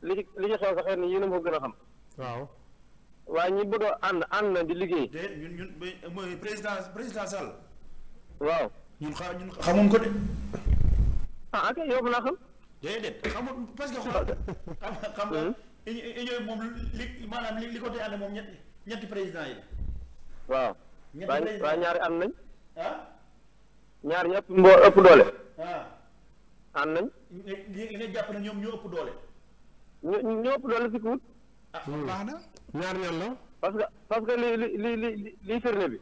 li ci li ci xew sax xëy na yéen a ma ko gën a xam. waaw. waaye ñi bëgg a ànd ànd na di liggéey. de ñun ñun mooy président président Sall. waaw. ñun xa ñun xamuñ ko de. ah ok yow naa xam. déedéet xamul parce que xoolal xam xam nga. union hmm? moom li maanaam li li ko tee ànd moom ñetti président yi. waaw. ñetti président waaye ñaari ànd nañ. ah. ñaar ñëpp mboo ëpp doole. ah. ànd nañ. li ñoom ñoo ëpp doole. ñoo ñoo ëpp doole si kuut. ah baax na. ñaar ñan la. parce que parce que li li li li firnde bi.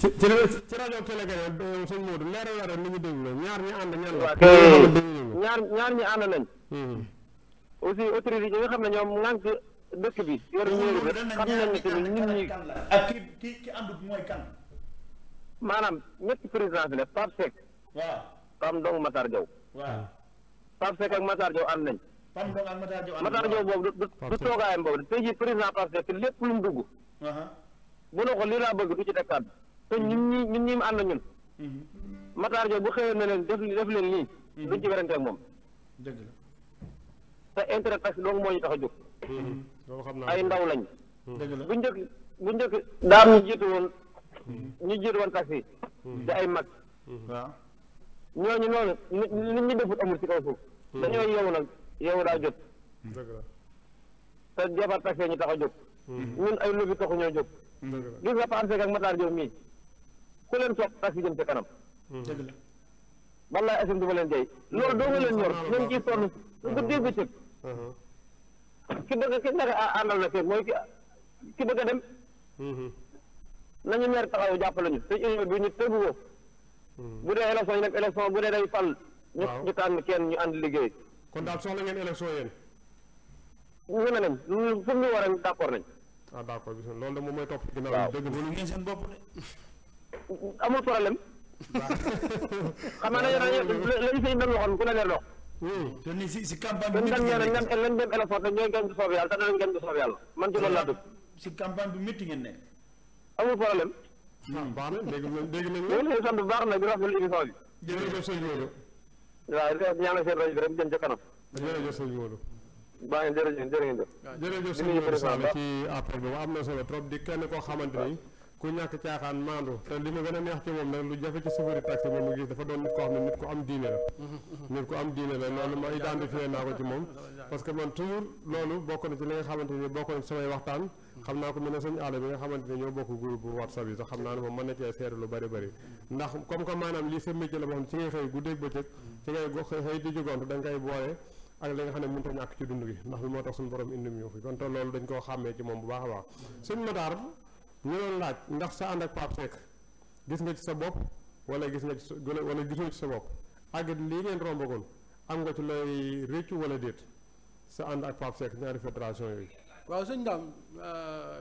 ci ci ci rajo Téléguène euh, sëñ Modou leeral leeral li ñu déglu ñaar ñi ànd ñan la. ñaar ñaar ñi ànd nañ. Hmm. aussi autorités yi nga xam ne ñoom ŋànk dëkk bi. yor ñëw bi ne tamit nit ñi. ak ki ki ki maanaam ñetti président bi la Pape Seck. waaw Pam Ndong Matar Diaw. waaw sek Seck ak Matar Diaw ànd nañ. Pape Ndong ak Matar Diop boobu du du toogaayam boobu tey jii président Pastef lépp lu mu dugg. Uh-huh. bu ne ko lii laa bëgg du ci teg kàddu te ñun mm-hmm. ñii ñun ñii mu ànd ñun. Mm-hmm. Matar Diop bu xëyoon na leen def def leen lii. Mm-hmm. duñ ci werante moom. dëgg la te intérêt tax moo ñu tax a jóg. ay ndaw lañ. dëgg la bu njëkk bu njëkk daam ñu jiitu woon ñu jiitu woon taxi di ay mag waaw ñu noonu nit ñi defut amul ci kaw suuf dañoo yeewu nag yow daa jot. dëgg la te jabar taxe ñu tax a jóg. Hmm. ñun ay lobby taxu ñoo jóg. gis nga Pape Seck ak Matar Diop mii ku leen soog tax si kanam. Hmm. dëgg la wallaay asim du ma leen jey hmm. loolu doo nga leen ñor ñun ciy sonn guddi ki bëgg ki naka àndal na feeg mooy ki ki a dem. nañu meer taxaw jàppale ñu te union bi ñu tegu ko. bu dee élection ñu nekk élection bu dee day fal. ñu ñu tànn kenn ñu ànd liggéey. kon daal soxla ngeen élection yéen. ñeme nañ ñun fu ñu war a d' accord nañ. ah d' accord bisimilah loolu de moom mooy topp. waaw dëgg la ngeen seen bopp de. amul problème. xam naa ne lañ sëñ bi waxoon ku ne leen dox. Hmm. te ni si si campagne bi. lañ dem élection te ñooy gën di soob yàlla te danañ gën di soob yàlla man ci loolu laa dugg. si campagne bi métti ngeen ne. amul problème. Ah, baax na dégg nañ dégg bu baax nag di rafetlu émission bi. jërëjëf sëñ Modou. waaw ah, di wax ñaanal seen rajo ci appel bi am na solo trop di kenn koo xamante ni. ku ñàkk caaxaan maandu te li ma gën a neex ci moom nag lu jafe ci chauffeur taxi moom mu gis dafa doon nit koo am diine la. nit ku am diine la loolu ma identifié naa ko ci moom. parce que man toujours loolu bokk na ci li nga xamante ni bokk na ci samay waxtaan xam naa ko mu ne sëñ àll bi nga xamante ne ñoo bokk groupe bu whatsapp yi sax xam naa ne moom mën na cee seetu lu bari bari ndax comme que ci ngay xëy guddeeg bëccëg ci ngay xëy di jugont da boole ak li nga xam ne mënut a ñàkk ci dund gi ndax lu moo tax suñu borom indi ñu fi kon te loolu dañ koo xàmmee ci moom bu baax a baax sëñ Matar ñu doon laaj ndax sa ànd ak Pape Seck gis nga ci sa bopp wala gis nga ci wala gisoo ci sa bopp ak lii ngeen rombagoon am nga ci looy réccu wala déet sa ànd ak Pape ñaari fédération yooyu waaw sëñ daam euh,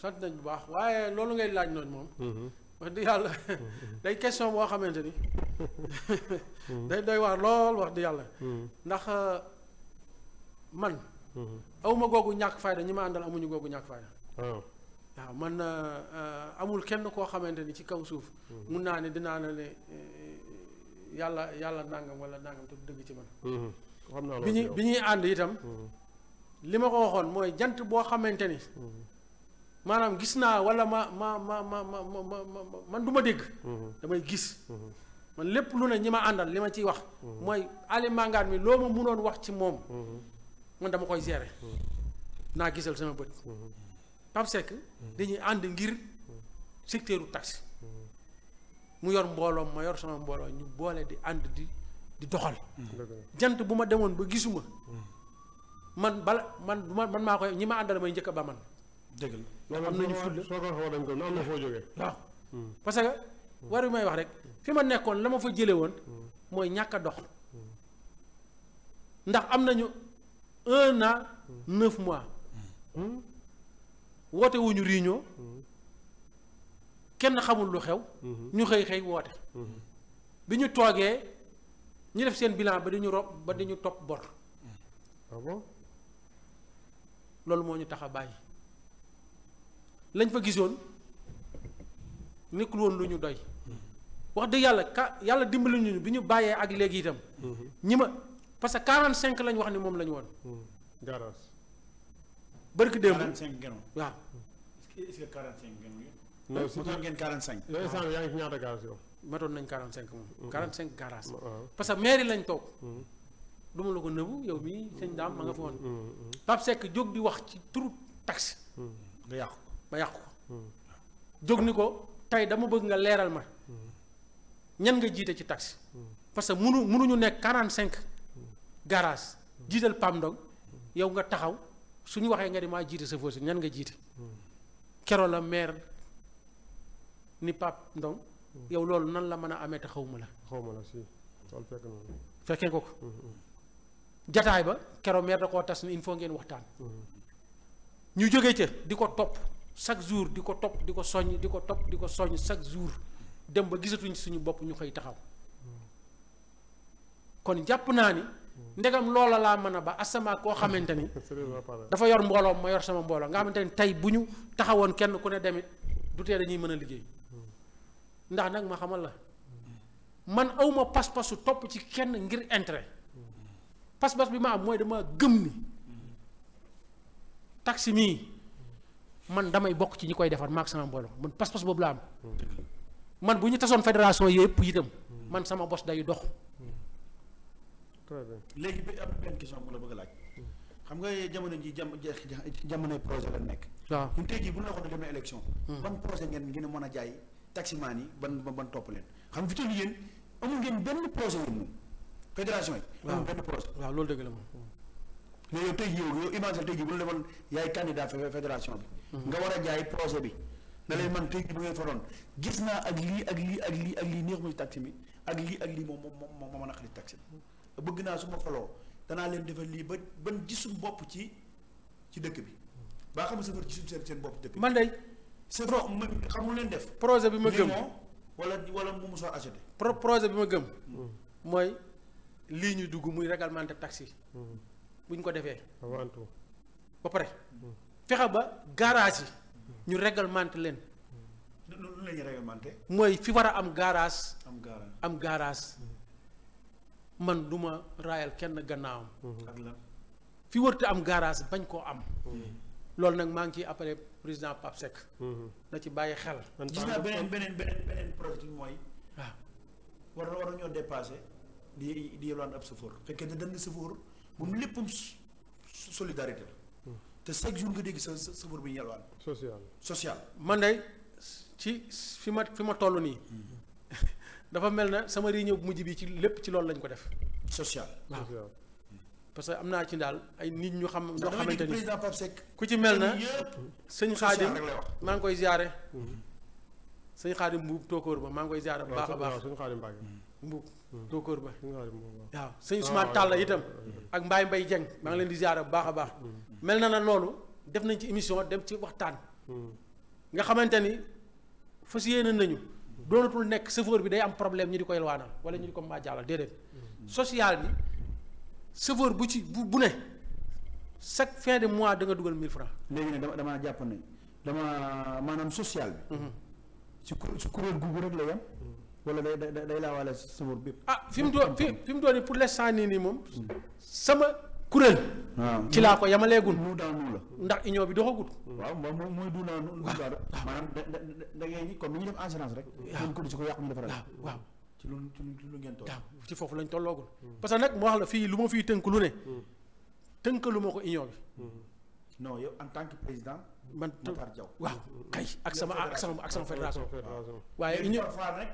sant nañ bu baax waaye loolu ngay laaj noonu moom. Mhm. wax dëgg yàlla mhm. day question boo xamante ni mhm. day doy waar lool wax dëgg yàlla. ndax euh, man. awma googu ñàkk fayda ñi ma àndal amuñu googu ñàkk fayda. Ah. waaw man euh, amul kenn koo xamante ni ci kaw suuf. mun naa ne dinaa ne ne yàlla yàlla nangam wala nangam te dëgg ci man. bi ñuy ànd itam. li ma ko waxoon mooy jant boo xamante ni maanaam gis naa wala ma ma ma ma ma ma man du ma dégg mhm. damay gis mhm. man lépp lu ne ñi ma àndal li ma ciy wax mhm. mooy Ali mi loo ma munoon wax ci moom man dama koy gérer naa gisal sama bët Pape Seck dañuy ànd ngir secteuru taxi mu yor mbooloom ma yor sama mbooloo ñu boole di ànd di di doxal jant bu ma demoon ba gisuma man bala man man maa koy ñi ma àndal may njëkk ba man. dëgg la am nañu fulla soo ko xaw na foo jógee. Hmm. waaw hmm. parce que war may wax rek fi ma nekkoon la ma fa jëlee woon mooy ñàkk a dox ndax am nañu un an neuf mois hmm. woote wuñu réunion kenn xamul lu xew. ñu xëy xëy woote. bi ñu toogee ñu def seen bilan ba di ñu rob ba di ñu topp bor. Ah loolu moo ñu tax a bàyyi lañ fa gisoon nekkul woon lu ñu doy wax dëgg yàlla ka yàlla dimbali ñu bi ñu bàyyee ak léegi itam. Mm-hmm. ñi ma parce que 45 lañu wax ni moom la ñu woon. Mm-hmm. garas. barki démb 45 gënoon waaw. est-ce que 45 gënoon loolu si matoon ngeen 45. loolu sànq yaa moom. 45 mm-hmm. garas. parce que mairie lañ toog. du la ko nëbu yow mii sëñ daam ma nga fa woon. Mm, mm, mm. Pape Seck jóg di wax ci turu taxe. nga yàqu ko yàqu ko. jóg ni ko tey dama bëgg nga leeral ma. ñan nga jiite ci taxe. parce que munu ñu nekk cinq garage jiital PAM ndog yow nga taxaw suñu waxee nga di maa jiite sa force ñan nga jiite. keroo la maire ni Pape Ndong yow loolu nan la mën a amee te xaw ma la. xaw la fekkee ko ko. jataay ba keroog meer da koo tas ne il faut ngeen waxtaan. ñu jóge ca di ko topp chaque jour di ko topp di ko soññ di ko topp di ko soññ chaque jour dem ba gisatuñ suñu bopp ñu koy taxaw kon jàpp naa ni. ndegam loola laa mën a ba asama koo xamante ni. dafa yor mbooloo ma sama mbooloo nga xamante ni tey bu ñu taxawoon kenn ku ne demit du tee dañuy mën a liggéey ndax nag ma xamal la man awma pas-pasu topp ci kenn ngir intérêt. pas-pas bi ma am mooy dama gëm ni taxi mii man damay bokk ci ñi koy defar maak sama mbooloo man pas-pas boobu la am man bu ñu tasoon fédération yëpp itam man sama bos day dox léegi bi am benn question bu la bëgg laaj xam nga jamono ji jam jamono projet la nekk waaw ñun tey jii bu ñu la waxoon dem na élection hmm. projet ngeen ngeen mën a jaay taximaan yi ban ban topp leen xam fi tollu yéen amul ngeen benn projet woon moom fédération yi. waaw amul benn projet. waaw loolu dëgg la moom. Hmm. mais yow tey yow yow imagine tey jii bu ñu defoon yaay candidat fédération bi. Hmm. nga war a jaay projet bi. na leen man tey jii bu ngeen fa doon gis naa ak lii ak lii ak lii ak lii neexuma ci taxi bi ak lii ak lii moom moom moom moo mën a xarit taxi bi bëgg naa su faloo danaa leen defal lii ba ban gisum bopp ci ci dëkk bi baa xam safar gisum seen seen bopp dëkk bi. man day safar xamul leen def. projet bi ma gëm wala wala mu mosoo acheté. projet bi ma gëm. Hmm. mooy. lii ñu dugg muy réglementé taxi. Mhm. bu ñu ko defee. avant tout ba pare. Mhm. fexe ba garage yi. ñu réglementé leen. lu la ñuy mooy fi war a am garage. am garage am garage. Mhm. man du ma raayal kenn gannaawam. ak la fi wërte am garage bañ koo am. loolu nag maa ngi ciy appelé président Pape Seck. na ci bàyyi xel. gis naa beneen beneen beneen beneen projet mooy. waaw ah. war na war na ñoo dépassé. di di yalwaan ab sëfoor fekkee ne dana sëfoor moom léppam solidarité la te chaque jour nga dégg sa sëfoor bi yalwaan social social man de ci fi ma fi ma toll nii dafa mel na sama réunion bu mujj bi ci lépp ci loolu lañ ko def social waaw parce que am naa ci daal ay nit ñu xam ñoo xamante ni président Pape Seck ku ci mel na sëñ Xaadim maa ngi koy ziyaare mm-hmm. sëñ Xaadim bu tookóor ba maa ngi koy ziyaare bu baax a baax mbuub tóokóor hmm. ba waaw sëñ Ousmane ah, Talla itam hmm. ak mbaay mbay Dieng maa ngi leen di ziara bu baax a baax hmm. mel na na loolu def nañ ci émission dem ci waxtaan nga xamante ni fas yéene nañu doonatul nekk chauffeur bi day am problème ñi di koy waanal wala ñu di ko mbaa jàllal déedéet social bi chauffeur bu ci bu bu ne chaque fin de mois da nga dugal 1000 francs léegi ne dama damaa jàpp ne dama maanaam social bi si kuréel googu rek la yam wala day day day laawaale suur bi. ah fi mu doon fi fi mu doon pour l'instant nii nii moom. Hmm. sama kuréel. waaw ah. ci laa ko yamaleegul. mu daanu la ndax union bi doxagut. waaw moom mooy du daanu. waaw waaw maanaam da da ni ñuy def assurance rek. waaw ko si ko yàqu ñu defaraat. waaw waaw ci lu ci lu ngeen foofu lañ tolloogul. parce que nag moo wax la fii lu ma fiy tënk lu ne. Hmm. tënkalu ma ko union bi. Hmm. non en tant que président. man Matar Diaw waaw kay ak sama ak ak sama fédération waaye ñu parfois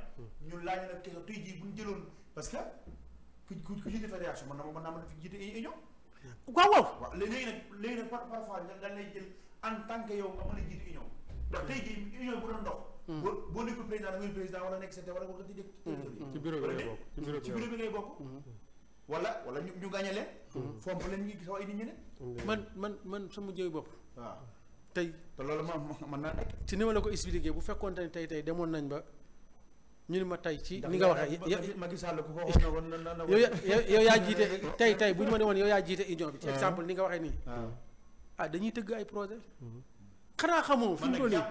waaw waaw léegi nag léegi nag par parfois dañ lay jël en tant yow nga mën a jiite union ndax tey jii bu doon dox hmm. boo boo président da ngay président wala nekk secrétaire wala hmm. wala di dégg ci bureau bi ngay bokk ci hmm. bureau ñu ñu fomp leen gis ay nit ñi man man man sama jëw bopp tey te loolu ma mën naa nekk ci ni ma la ko expliqué bu fekkoon ne tey tey demoon nañ ba ñu ni ma tey ci ni nga waxee yow yaa jiite ah. tey tey bu ñu ma ne woon yow yaa jiite union bi ci ah. exemple ni nga waxee nii ah. ah dañuy tëgg ay projet xanaa xamoo fi mu toll nii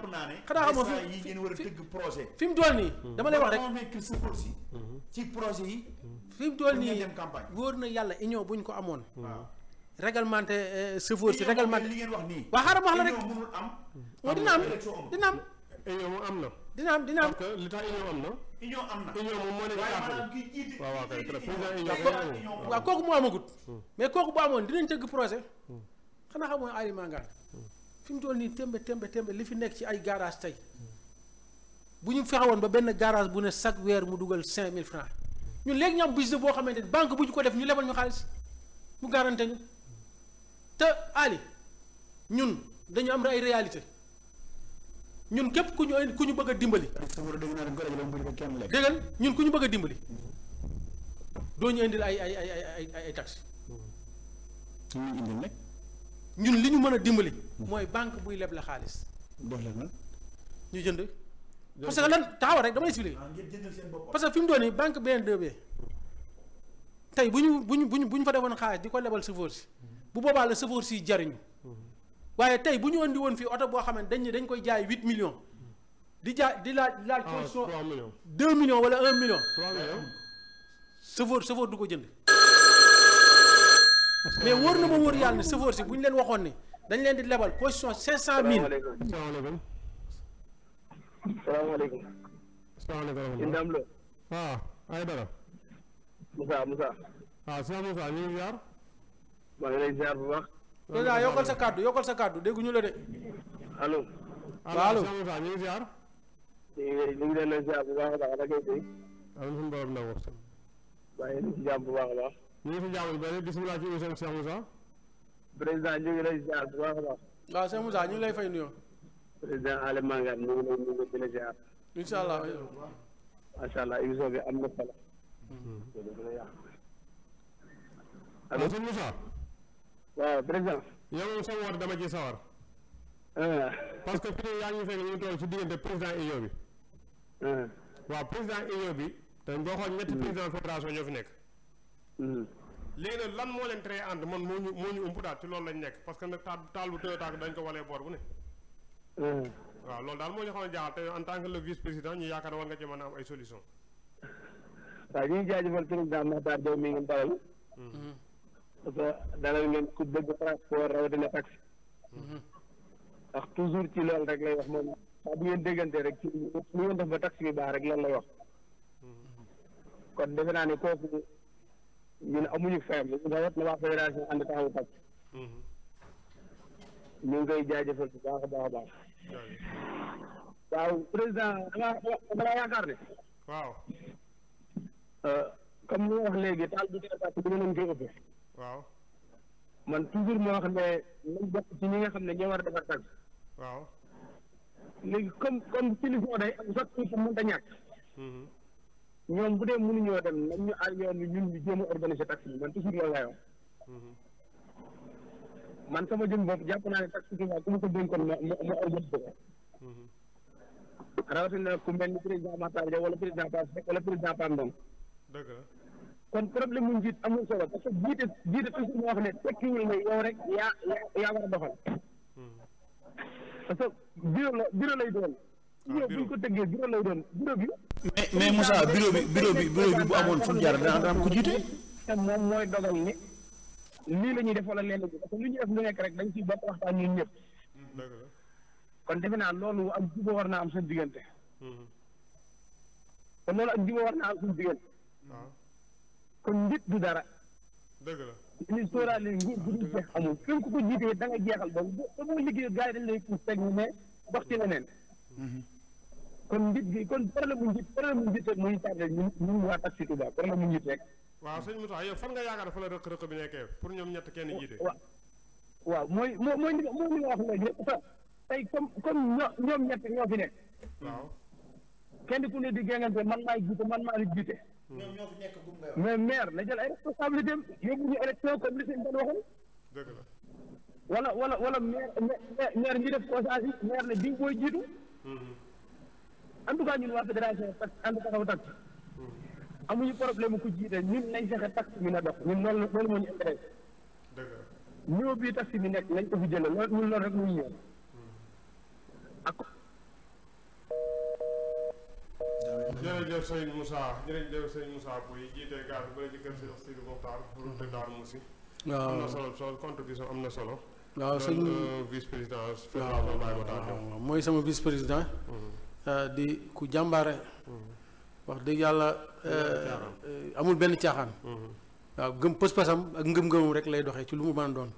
xanaa xamoo fi ngeen war a tëgg projet fi mu toll nii hmm. dama lay wax rek hmm. ci projet yi fi mu toll nii wóor na yàlla bu buñ ko amoon hmm. réglementé chauffeur si réglementé li ngeen wax nii. waaw xaaral ma wax la rek mënul am. dina am dina am. union am na. dina am dina am parce que li tax union am na. union moo nekk kàddu. waaw kooku moo amagut. Hmm. mais kooku bu amoon dinañ tëgg projet. Hmm. xanaa xam mooy Aly Mangan hmm. fi mu toll nii tembe tembe tembe li fi nekk ci ay garage tey bu ñu fexewoon ba benn garage bu ne chaque weer mu dugal cinq mille francs ñun léegi ñu am business boo xamante ni banque bu ñu ko def ñu lebal ñu xaalis mu garante ñu. te Ali ñun dañu am ay réalité ñun képp ku ñu ku ñu bëgg a dimbali. déggal ñun ku ñu bëgg a dimbali. doo ñu indil ay ay ay ay ay ay taxes. ñun li ñu mën a dimbali. mooy banque buy leb la xaalis. ñu jënd. parce que lan taxaw rek dama expliqué. parce que fi mu doon nii banque BNDB tey bu ñu bu ñu bu ñu bu fa defoon xaalis di ko lebal chauffeur si bu boobaal la chauffeur si jariñu waaye tey bu ñu andi woon fii oto boo xam ne dañ dañ koy jaay huit millions. di jaay di laaj di laaj. question ah, deux millions wala un million. millions. chauffeur chauffeur du ko jënd. mais wóor na ma wóor yàlla ne chauffeur si bu ñu leen waxoon ni dañ leen di lebal question cinq cent mille. salaamaaleykum. salaamaaleykum. salaamaaleykum. Ndam Lo. waaw Aïdara. Ah, Moussa Moussa. waaw ah, Moussa ñu ngi ziar. maa ngi lay ziar bu baax. président yokkal sa kàddu yokkal sa la de. allo. allo ñu ngi leen a ziar bu baax a baax rajo bi. am na suñu borom ndaw wax. waaye ñu ñu ngi si jàmm bu ñu lay ziar bu baax a baax. waaw macha allah émission bi am na solo. Hmm. waaw présidence. yow moom sama woote dama ci sawar. Ah. parce que fi yaa ngi fekk ñu ngi toll ci diggante président union bi. Ah. waaw président union bi. te boo xool ñetti hmm. président fédération ñoo fi nekk. Hmm. li nag lan moo leen teree ànd moo ñu moo ñu ump daal ci loolu lañ nekk parce que nag taal taal bu tëyoo taal dañ ko walee boor bu ne. Ah. waaw loolu daal moo ñu xaw a jaaxal te en tant que le vice président ñu yaakaar war nga ci mën a am ay solution waaw ñu ngi jaajëfal président Makhtar dafa dalal leen ku bëgg transport rawatina taxi. Mhm. ndax toujours ci loolu rek lay wax moom saa bu ngeen déggante rek ci lu ngeen def ba taxi bi baax rek lan lay wax. Mhm. defe naa ne kooku ñun amuñu fayam rawat na waa fédération ànd mhm. ngi koy jaajëfal bu baax a baax a waaw président damaa damaa yaakaar ne. waaw. Euh, comme ni wax léegi taal bi dina tàkk dina leen koy ëppee. waaw man toujours moo xam ne nañ bokk ci ñi nga xam ne ñoo war defar tax waaw léegi comme comme téléphone day am sax ta ñàkk mhm. ñoom bu dee mënuñoo dem nañ ñu ar yoon ñun ñu jéem a organiser taxi bi man toujours loolu laay mhm. man sama jëm bopp jàpp naa ne taxi bi ku ma ko dénkoon ma organiser ko mhm. rawatina ku mel ni président Matar Dia wala président Pape wala président Pam Ndong dëgg kon problème mu njiit amul solo parce que jiite jiite toujours moo wax ne tekkiwul ne yow rek yaa yaa war a doxal. Hmm. parce que bureau la bureau lay doon. Ah, bureau ko tëggee lay doon bureau bi. mais mais Moussa bureau bi bureau bi bureau bi bu amoon fu mu jaar dana am ko moom mooy dogal ni lii lañuy ñuy def wala leneen bi parce que nekk rek dañ ciy bokk waxtaan ñun ñëpp. Hmm, kon defe naa loolu ak jubóo war naa am seen diggante. kon hmm. loolu ak jubóo war naa am suñu diggante. Ah. kon nit du dara. dëgg la dañuy sóoraale nguur bu dul jeex amul képp ko jiitee da nga jeexal ba bu ba bu liggéey gars yi dañ lay puus teg mais ci leneen. Mhm. kon njiit gi kon problème mu njiit problème mu njiit rek muy tardé ñun ñun waa taxi Touba mu njiit rek. waaw sëñ Moussa yow fan nga yaakaar fa la rëq-rëq bi nekkee pour ñoom ñett kenn jiite. waaw waaw mooy mooy mooy li nga wax léegi tey comme comme ñoom ñett ñoo fi nekk. kenn ku ne di gengante man maay jiite man maa di ñoo fi nekk mais maire na jël ay responsabilité dem yóbbu ñu élection comme li sëñ Ben waxoon. dëgg la. wala wala wala maire maire ñu def constat yi maire ne diw booy jiitu. Mm-hmm. en tout cas ñun waa fédération parce que en tout cas mm-hmm. amuñu problème ku jiite ñun lañ fexe tax mi na dox ñun loolu loolu moo ñu intéressé. dëgg la niveau bii tax mi nekk nañ te fi jëlee loolu loolu rek muy ñëw. Mm-hmm. jërëjëf sëñ Moussa jërëjëf sëñ Moussa Pouy waaw am na solo solo contribution euh, mooy sama vice président. Mm-hmm. Euh, di ku jàmbaare. Mm-hmm. wax dëgg yàlla. Euh, amul benn caaxaan. Mm-hmm. waaw gëm pës-pësam ak ngëm-ngëmam rek lay doxee ci lu mu mën doon.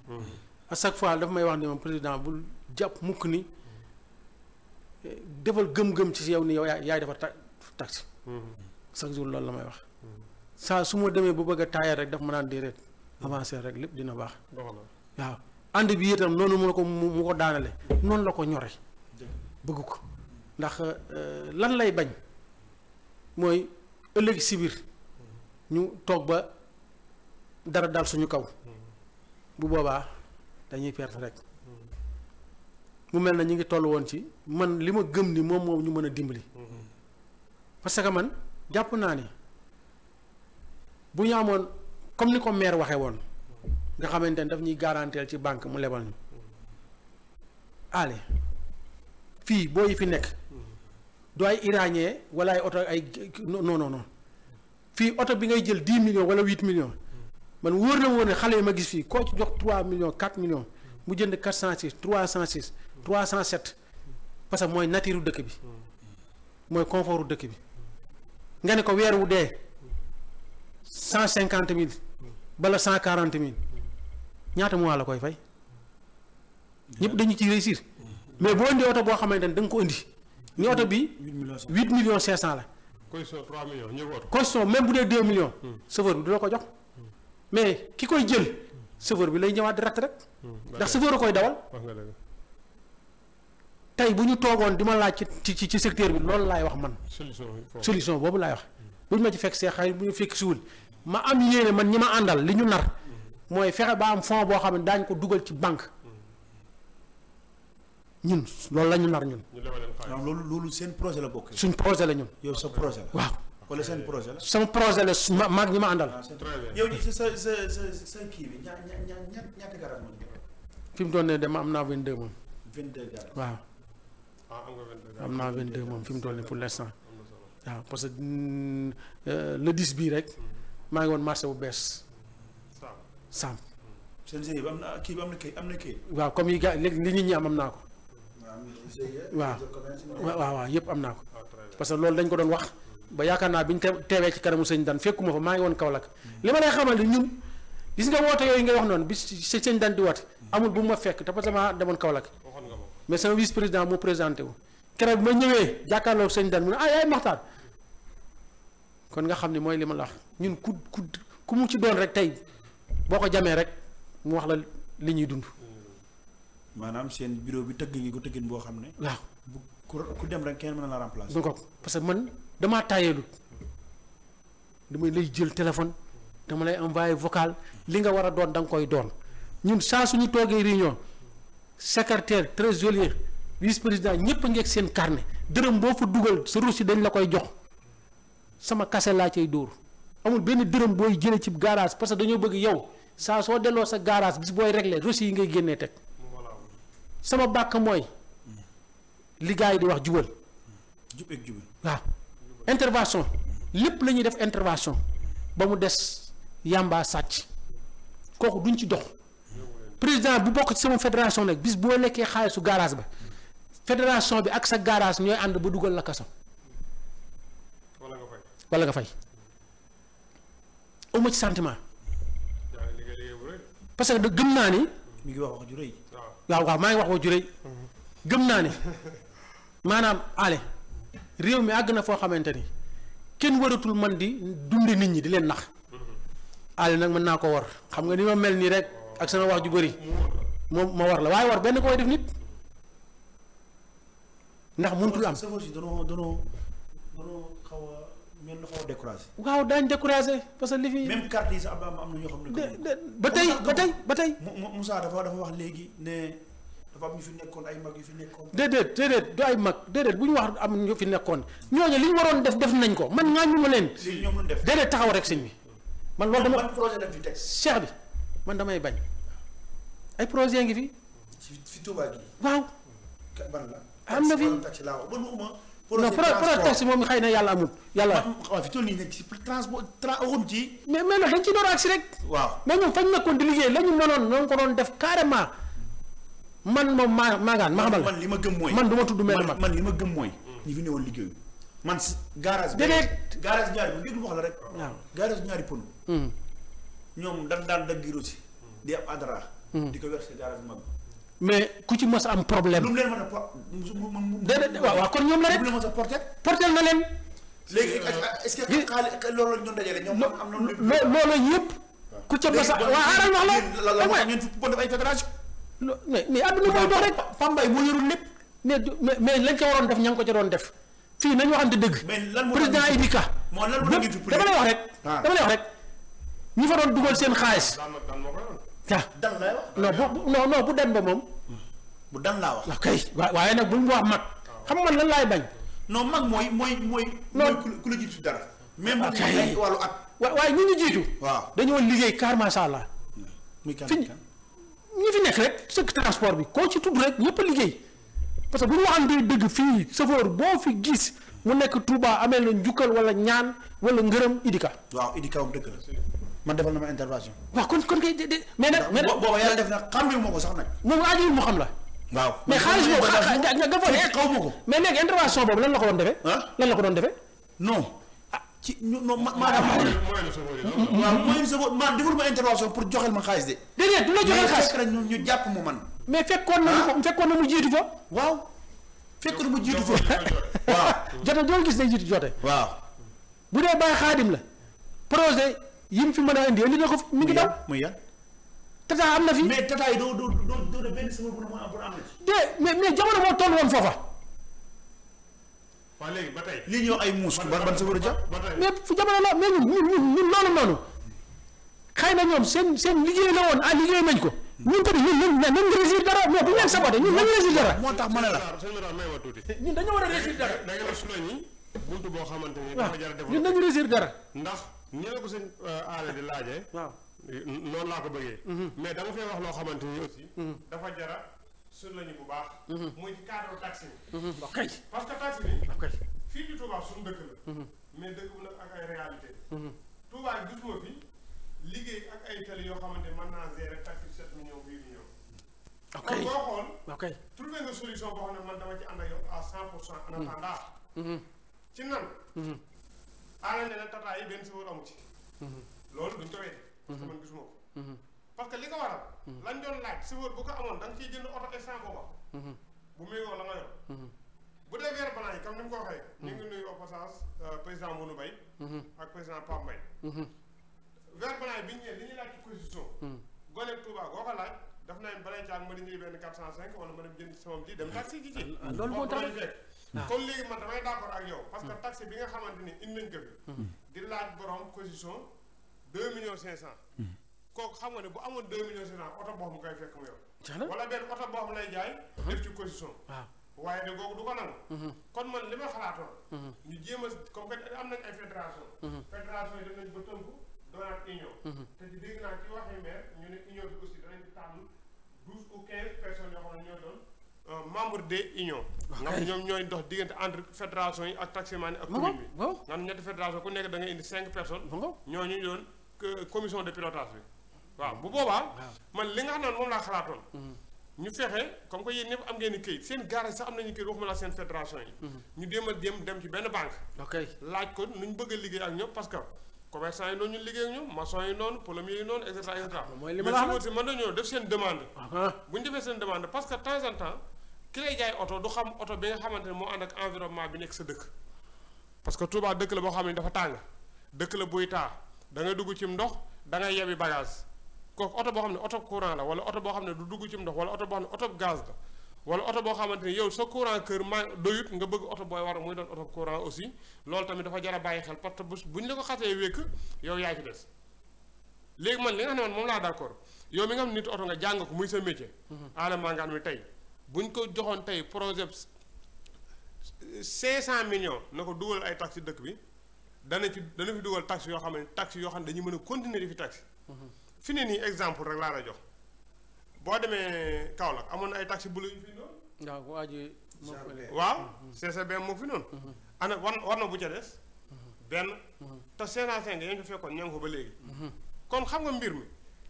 à chaque fois dafa may wax ni moom président bul jàpp mukk ni defal gëm-gëm ci yow ni yaay defar ta tax chaque jour lool la may wax saa su ma demee bu bëgg a taayal rek daf ma naan déedéet avancé rek lépp dina baax waaw ànd bi itam noonu mu ko mu ko daanale noonu la ko ñore bëgg ko ndax euh, lan lay bañ mooy ëllëg si ñu toog ba dara daal suñu kaw bu boobaa dañuy perte rek mu mel na ñu ngi toll woon ci man li ma gëm ni moom moom ñu mën a dimbali parce que man jàpp naa ne bu ñu amoon comme ni ko maire waxee woon nga xamante ne daf ñuy garanteel ci banque mu lebal ñu ale fii boo yi fi nekk du ay iranien wala ay oto ay non non non fii oto bi ngay jël dix millions wala huit millions man wóor na wóor ne xale yi ma gis fii koo ci jox trois million quatre millions mu jënd quatre cent six trois cent six trois cent sept parce que mooy nature dëkk bi mooy confort dëkk bi. nga ne ko weer wu dee cent cinquante mille bala cent quarante mille ñaata mois la koy fay ñëpp dañu ciy réussir mais boo indi oto boo xamante ne da ko indi ni oto bi huit millions cinq cent la caution trois millions ñëw oto caution même bu dee deux millions hmm. chauffeur bi du la ko jox mais ki koy jël chauffeur bi lay ñëwaat di ratt rek hmm. Hmm. ndax chauffeur a koy dawal tey bu ñu toogoon di ma laaj ci ci ci secteur bi loolu laay wax man. solution boobu laay wax. bu ñu ma ci fekk see xay bu ñu fekk siwul ma am yéene man ñi ma àndal li ñu nar mooy fexe ba am fond boo xam ne daañu ko dugal ci banque. ñun loolu la ñu nar ñun. loolu loolu seen projet la bokk. suñ projet la ñun. yow sa projet la waaw. seen projet la. sama projet la su ma maag ñi ma àndal. Ah, yow sa sa sa kii bi ñaata garage fi mu doon ne dama am naa vingt deux moom. vingt waaw. Ah, am naa 22 moom fi mu toll nii pour l'instant waaw parce que mm, euh, le 10 bii rek mm-hmm. maa ngi woon marché bu bees. Samb. Mm-hmm. seen GIE am na kii am na kii am na kii. waaw comme yi gars li nit ñi am am naa ko. waaw waaw waaw yëpp am naa ko. Ah, parce que loolu dañ ko doon wax. Mm-hmm. ba yaakaar naa bi ñu teewee ci kanamu sëñ Dan fekkuma fa maa ngi woon Kaolack. li ma lay xamal ni ñun gis nga woote yooyu ngay wax noonu bi sëñ Dan di woote. amul bu ma fekk te parce demoon Kaolack. mais sama vice président moo présenté wu keroog bi ma ñëwee jàkkaarloog sëñ Dan mu ne ay ah, yaay Maxtaar kon nga xam ne mooy li ma la wax ñun ku ku ku mu ci doon rek tey boo ko jamee rek mu wax la li ñuy dund. Hmm. maanaam seen bureau bi tëgg ngi ko tëggin boo xam ne. waaw ku dem rek kenn mën na la remplacer. ko parce que man damaa taayeelut damay lay jël téléphone dama lay envoyer vocal li nga war a doon da nga koy doon ñun saa suñu toogee réunion. secrétaire trésorier vice président ñëpp a ngeeg seen carnet dërëm boo fa dugal sa russi dañ la koy jox sama kase laa cay dóor amul benn dërëm booy jëlee ci garage parce que dañoo bëgg yow saa soo delloo sa garage bis booy régler russi yi ngay génnee teg sama bàkk mooy li yi di wax jubal. jub ak jubal waaw intervention lépp la def intervention ba mu des yàmbaa sàcc kooku duñ ci dox. président bu bokk ci sama fédération nag bis boo lekkee xaalisu garage ba fédération bi ak sa garage ñooy ànd ba dugal la kaso. wala nga fay wala ci sentiment. parce que gëm naa ni. mi ngi wax waaw waaw maa ngi wax wax ju rëy. Mhm. naa ni maanaam ale réew mi àgg na foo xamante ni kenn waratul man di dunde nit ñi di leen nax. Mhm. ale nag mën naa ko war xam nga ni ma mel nii rek. ak sama wax ju bëri moom ma war la waaye war benn koy def nit ndax mënutul am. chauffeur si danoo danoo danoo xaw a mel na xaw a découragé. waaw daañu découragé parce que li fi. même carte yi sax am am na ñoo xam ba tey ba tey ba tey. Moussa dafa dafa wax léegi ne dafa am ñu fi nekkoon ay mag yu fi nekkoon. déedéet déedéet du ay mag déedéet bu ñu wax am ñu fi nekkoon ñooñu li ñu waroon def def nañ ko man ñaañu ma leen. léegi def déedéet taxaw rek sëñ bi. man loolu dama man projet lañ fi teg. bi. man damay bañ ay projet ngi fi. ci fi Touba gi. waaw. ban la. am na fi taxi laa wax non pro moom xëy na yàlla amul. yàlla waaw fi toll nii nekk ci transport ci. mais mais loolu dañ ci door agsi rek. waaw mais ñoom fañ nekkoon di liggéey la ñu mënoon ñoo ko doon def carrément man moom maa maagaan ma xamal. man li ma gëm mooy man du ma tudd mel man man li ma gëm mooy. ñi fi newoon liggéeyu. man garage. déedéet garage ñaari bu déglu wax la rek. waaw garage ñaari pono. Hmm. ñoom dañ daan daggiru si di am adra di ko verser garage mag mais ku ci mos am problème. lu mu leen mën a por déedéet waaw waaw kon ñoom la rek lu mu leen mën a porté portel na leen. léegi est-ce que xaalis loolu la ñu doon dajale ñoom am na loolu yëpp. ku ca mos a waaw aaral wax la. la wax ñun pour def ay fédération. mais mais adduna mooy dox rek. Pambay moo yorul lépp. mais mais lañ ca waroon def ña ngi ko ca doon def fii nañu waxante dëgg. mais lan moo président Idika. moo lan moo dama lay wax rek. dama lay wax rek. ñi fa doon dugal seen xaalis. ah dan lay wax. non bu non non bu dan ba moom. bu dan laa wax. ok ah, waaye nag bu mu wax mag. xam nga man lan laay bañ. noo mag mooy mooy mooy. mooy ku la jiitu dara. même bu ñu ah, wàllu waaye ñu ñu jiitu. waaw dañoo liggéey car macha allah. muy kan fi nekk rek sëkk transport bi koo ci tudd rek ñëpp a liggéey parce que bu ñu waxantee dëgg fii chauffeur boo fi gis mu nekk Touba amee la njukkal wala ñaan wala ngërëm Idika. waaw Idika am man defal na ma intervention. waaw kon kon kay de mais nag. mais nag booba yàlla def na xàmmee ko mu ma ko mais léegi ah, ma ma. waaw mooy sa ma deful ma intervention pour joxel ma xaalis la joxel xaalis mais ñu ñu jàpp na mu ko ah. fekkoon na mu jiitu fa. waaw fekkoon mu gis ne jiitu joote. waaw bu dee bàyyi xaadim la projet. yi mu fi mën a indi indi na ko fi mi ngi daw muy am na fi. mais tata doo doo doo doo benn semaine bu am na ci. de mais mais jamono moo toll woon foofa. waaw léegi ba tey li ñëw ay muus. ban a semaine jàpp mais fu jamono la mais ñun ñun ñun loolu noonu xëy na ñoom seen seen liggéey la woon ah liggéey ko. ñun tamit ñun dara mais bu ñu leen saboté ñun nañ réussir dara. moo tax ma ne la eh, dañoo war a réussir dara. buntu boo xamante ni a dara ndax ñi la ko sëñ euh, aale di laajee. waaw noonu laa ko bëggee. Mhm. mais dama fee wax loo xamante ni aussi. Mhm. dafa jara suñ lañu bu baax. Mhm. muy ci cadre taxi parce que taxi bi. ok fii ci Touba dëkk la. mais dëkk bu nag ak ay réalité Touba gisuma fi liggéey ak ay tali yoo xamante mën naa gérer taxi bi sept millions huit millions. man dama ci ak cent pour cent en attendant. ci nan. aana ne na tata yi benn chauffeur ci mhm. loolu duñ ko weddi parce que mhm. man gisuma ko mhm. parce que li ko waral lañ doon laaj chauffeur bu ko amoon da nga ciy jënd oto instant booba bu méngoo la nga bu dee weer blanc yi comme ni mu ko waxee ni ngi nuyu au passage euh, président Mounou Mbaye ak président Pape Mbaye weer blanc yi bi ñu ñëwee li ñuy laaj ci constitution goneeg Touba goo ko laaj daf naa balay caag ma di ñuy benn quatre cent cinq wala ma dem jënd ci Ah. kon léegi man damay d'accord ak yow. Hmm. parce que taxe bi nga xamante ni indi nañ ko fi. Hmm. di laaj borom caution deux millions cinq cent. Hmm. kooku xam nga ne bu amoon deux millions cinq cent oto boo xam koy fekk mu yor. Ah. waaye de googu du ko nangu. kon man li ma xalaatoon. ñu jéem a comme que am nañ ay fédération. fédération yi def nañ ba tënku doonaat union. te ci dégg naa ci waxi maire ñu ne union bi aussi danañ ci tànn douze ou quinze personnes yoo xam ne membre des unions. nga ñoom ñooy dox diggante entre fédération yi ak taximan yi ak. commission de pilotage bi. waaw bu boobaa. man li nga xam ne moom laa xalaatoon. Mm-hmm. ñu fexe comme que yéen ñëpp am ngeen i këyit seen garage sax am nañu këyit waxuma laa seen fédération yi. Mm-hmm. ñu dem a dem ci benn banque. laaj ko nu ñu bëgg liggéey ak ñoom parce que. yi noonu ñu liggéey ak yi noonu plombier yi noonu et cetera et cetera. mooy li ma la wax mais si mën nañoo def ki lay jaay oto du xam oto bi nga xamante ne moo ànd ak environnement bi nekk sa dëkk parce que Touba dëkk la boo xam ne dafa tàng dëkk la buy taa da ngay dugg ci ndox da ngay yebi bagage kooku oto boo xam ne oto courant la wala oto boo xam ne du dugg ci ndox wala oto boo xam ne oto gaz la wala oto boo xamante ne yow sa courant kër ma doyut nga bëgg oto booy war muy doon oto courant aussi loolu tamit dafa jar bàyyi xel parce que bu ñu la ko xasee wékk yow yaa ci des man li nga xam ne laa d'accord yow mi nga xam ne nit oto nga jàng ko muy sa métier. aadama mm-hmm. ngaan mi tey bu buñ ko joxoon tey projet cinq cent millions na ko dugal ay taxes dëkk bi dana ci dana fi dugal taxes yoo xam ne taxes yoo xam ne dañu mën a continuer di fi taxes. Mhm. fi ne nii exemple rek laa la jox boo demee Kaolack amoon na ay taxes bleues yu fi noonu. waaw waa ji moo fi waaw mhm. CCB moo fi noonu. Mhm. ana war war na bu ca des. benn. te cinq cent cinq yañ fa fekkoon ña nga ko ba léegi. kon xam nga mbir mi.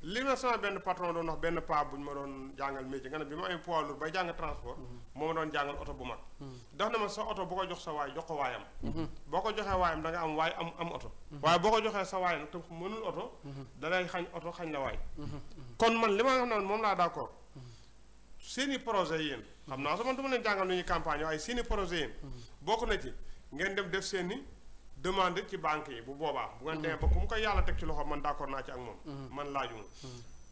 li ma sama benn patron doon wax benn paa bu ñu ma doon jàngal métier nga ne bi ma amee poids lourd bay jàng transport. Mhm. moo ma doon jàngal oto bu mag. Mhm. daf na ma sa oto bu ko jox sa waay jox ko waayam. Mhm. boo ko joxee waayam da am waaye am am oto. waaye boo ko joxee sa waay nag te mënul oto. da xañ oto xañ la waay. kon man li ma wax noonu moom laa d'accord. seeni projet yéen. xam naa sax man du ma leen jàngal nu ñuy campagne waaye seeni projet yéen. bokk na ci ngeen dem def seeni demande ci banque yi bu boobaa. bu ngeen demee ba ku mu koy yàlla teg ci loxo man d'accord naa ci ak moom. Mm-hmm. man laajuma.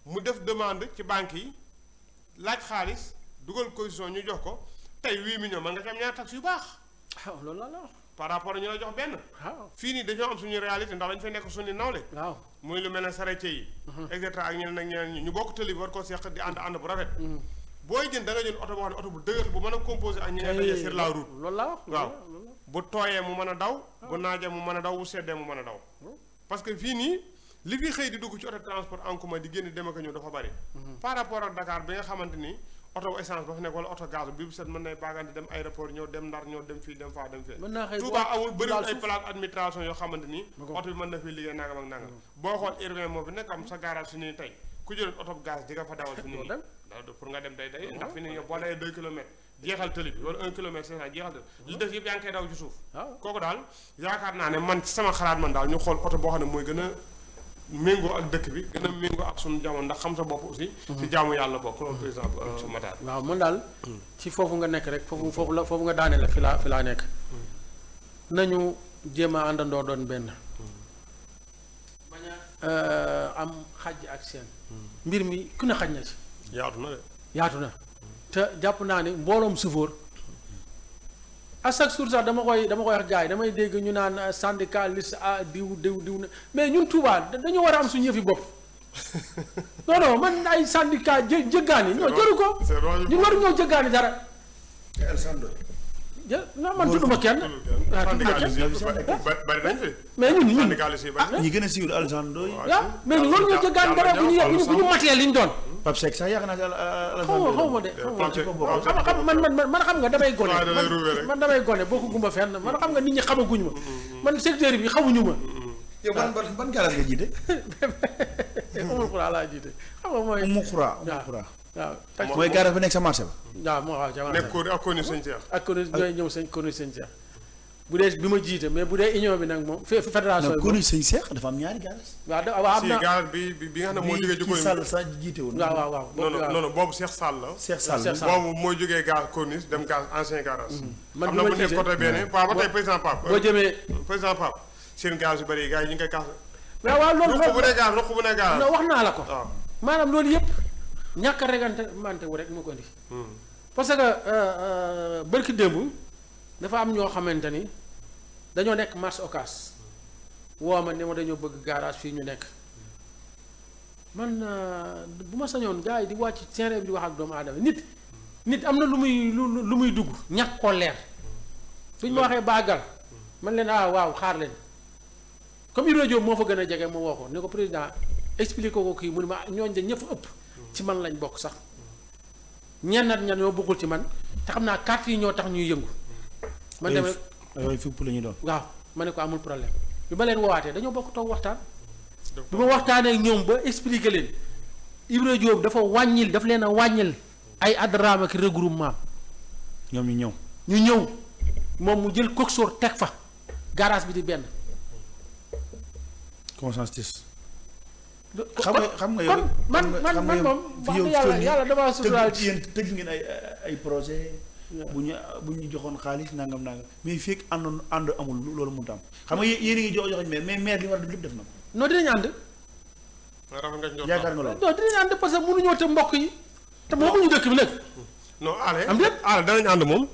mu def demande ci banque yi laaj xaalis dugal caution ñu jox ko tey 8 millions man nga ci am ñaari taxes yu baax. loolu la la par rapport ñu la jox benn. waaw fii nii dañoo am suñu réalité ndax dañ fay nekk suñu nawle. waaw muy lu mel ne sareet yi. Mm-hmm. et cetera ak ñeneen ak ñeneen ñu bokk tëli war ko seq di ànd ànd bu rafet. Mm-hmm. booy jën da nga jënd oto boo xam ne oto bu dëgër bu mën a composé ak la route. la waaw. bu tooyee mu mën a daw bu naajee mu mën a daw bu seddee mu mën a daw parce que fii nii li fi xëy di dugg ci oto transport en commun di génn dem ak ñëw ni oto essence ba fa nekk wala oto ni oto bi mën na fii liggéey nangam boo xool urbain moo fi nekk sa garage su nii tey ku jëloon oto gaz di fa dawal fi nii pour nga dem day day ah ndax fi nii boo dayee deux kilomètres jeexal tëli bi wala un kilomètre cinq cent jeexal tëli lu def yëpp yaa ngi koy daw ci suuf ah. kooku daal yaakaar naa ne man ci sama xalaat man daal ñu xool oto boo xam ne mooy gën a méngoo ak dëkk bi gën a méngoo ak sunu jamono ndax xam sa bopp aussi mhm. ci jaamu yàlla bokk loolu président euh, Matar waaw man daal hmm. ci foofu nga nekk rek foofu foofu la foofu nga daane la fi laa fi laa nekk hmm. nañu jéem a àndandoo doon benn hmm. bañ euh, am xaj ak seen mbir mi ku ne xaj na ci yaatu na de yaatu na te jàpp naa ni mbooloom sufóor à chaque jour sax dama koy dama koy wax gars yi damay dégg ñu naan euh, syndicaliste ah diw diw diw mais ñun Touba dañu war a am suñu yëfi bopp non man ay syndicat jë jëggaani non jëru ko ñun waru jëggaani dara jël non man tudduma kenn. mais ñun ñun ñi gën a siiwul Alassane Ndoye. mais loolu ñu jëgaan li ñu doon. Pape Seck sax ma de xaw ma xam man man nga damay gone. man damay gone boo ko gumba fenn man xam nga nit ñi xamaguñu ma. man secteur bi xamuñu ma. yow ban ban ban galas nga jiite. Oumou waaw. mooy garage bi nekk sa marché ba. waaw moo waaw ca marché ak koni bu dee bi ma jiite mais bu dee union bi nag moom. fédération bi na si garage bi bi nga xam ne moo jógee. sa jiite woon. waaw waaw waaw boobu non mooy jógee garage koni dem garage ancien garage. Mm-hmm. bi ma jiite am yi ñu ngi koy kaas. waaw waaw loolu. ruq bu ne garage ruq bu ne garage. wax naa la ko. Ah. maanaam loolu yëpp ñàkk a réglementé wu rek moo ko indi. Hmm. parce que euh, euh, bërki démb dafa am ñoo xamante ni dañoo nekk marché Ocass woo ma ne ma dañoo bëgg garage fii ñu nekk man euh, bu ma sañoon gars yi di wàcc terrain bi di wax ak doomu aadama nit nit am na lu muy lu lu muy dugg ñàkk ko leer suñ ma hmm. waxee baagal hmm. man leen ah waaw xaar leen comme rajo moo fa gën a jege ma woo ko ko président expliqué ko kii mu ne ma ñooñ de ñëpp ëpp ci man lañ bokk sax ñan ak ñan ñoo bokkul ci man te xam naa carte yi ñoo tax ñuy yëngu. man dem rek fipp la ñu doon. waaw ma ne ko amul problème bi ma leen woowaatee dañoo bokk toog waxtaan. bi ma waxtaanee ñoom ba expliquer leen Ibra Diop dafa wàññil daf leen a wàññil ay adraam ak regroupement. ñoom ñu ñëw. ñu ñëw moom mu jël coxor teg fa garage bi di benn. xam nga xam nga yow man man man moom wax dëgg yàlla yàlla damaa suturaal ci yéen tëgg ngeen ay ay projet bu ñu ñu joxoon xaalis nangam nangam mais fekk àndoon ànd amul loolu mënut tam xam nga yéen a ngi jox joxoñ maire mais maire li war a def lépp def na ko non dinañ ànd yaakaar nga loolu non dinañ ànd parce que mënuñoo te mbokk yi te bokkuñu dëkk bi nag non ale am lépp ale danañ ànd moom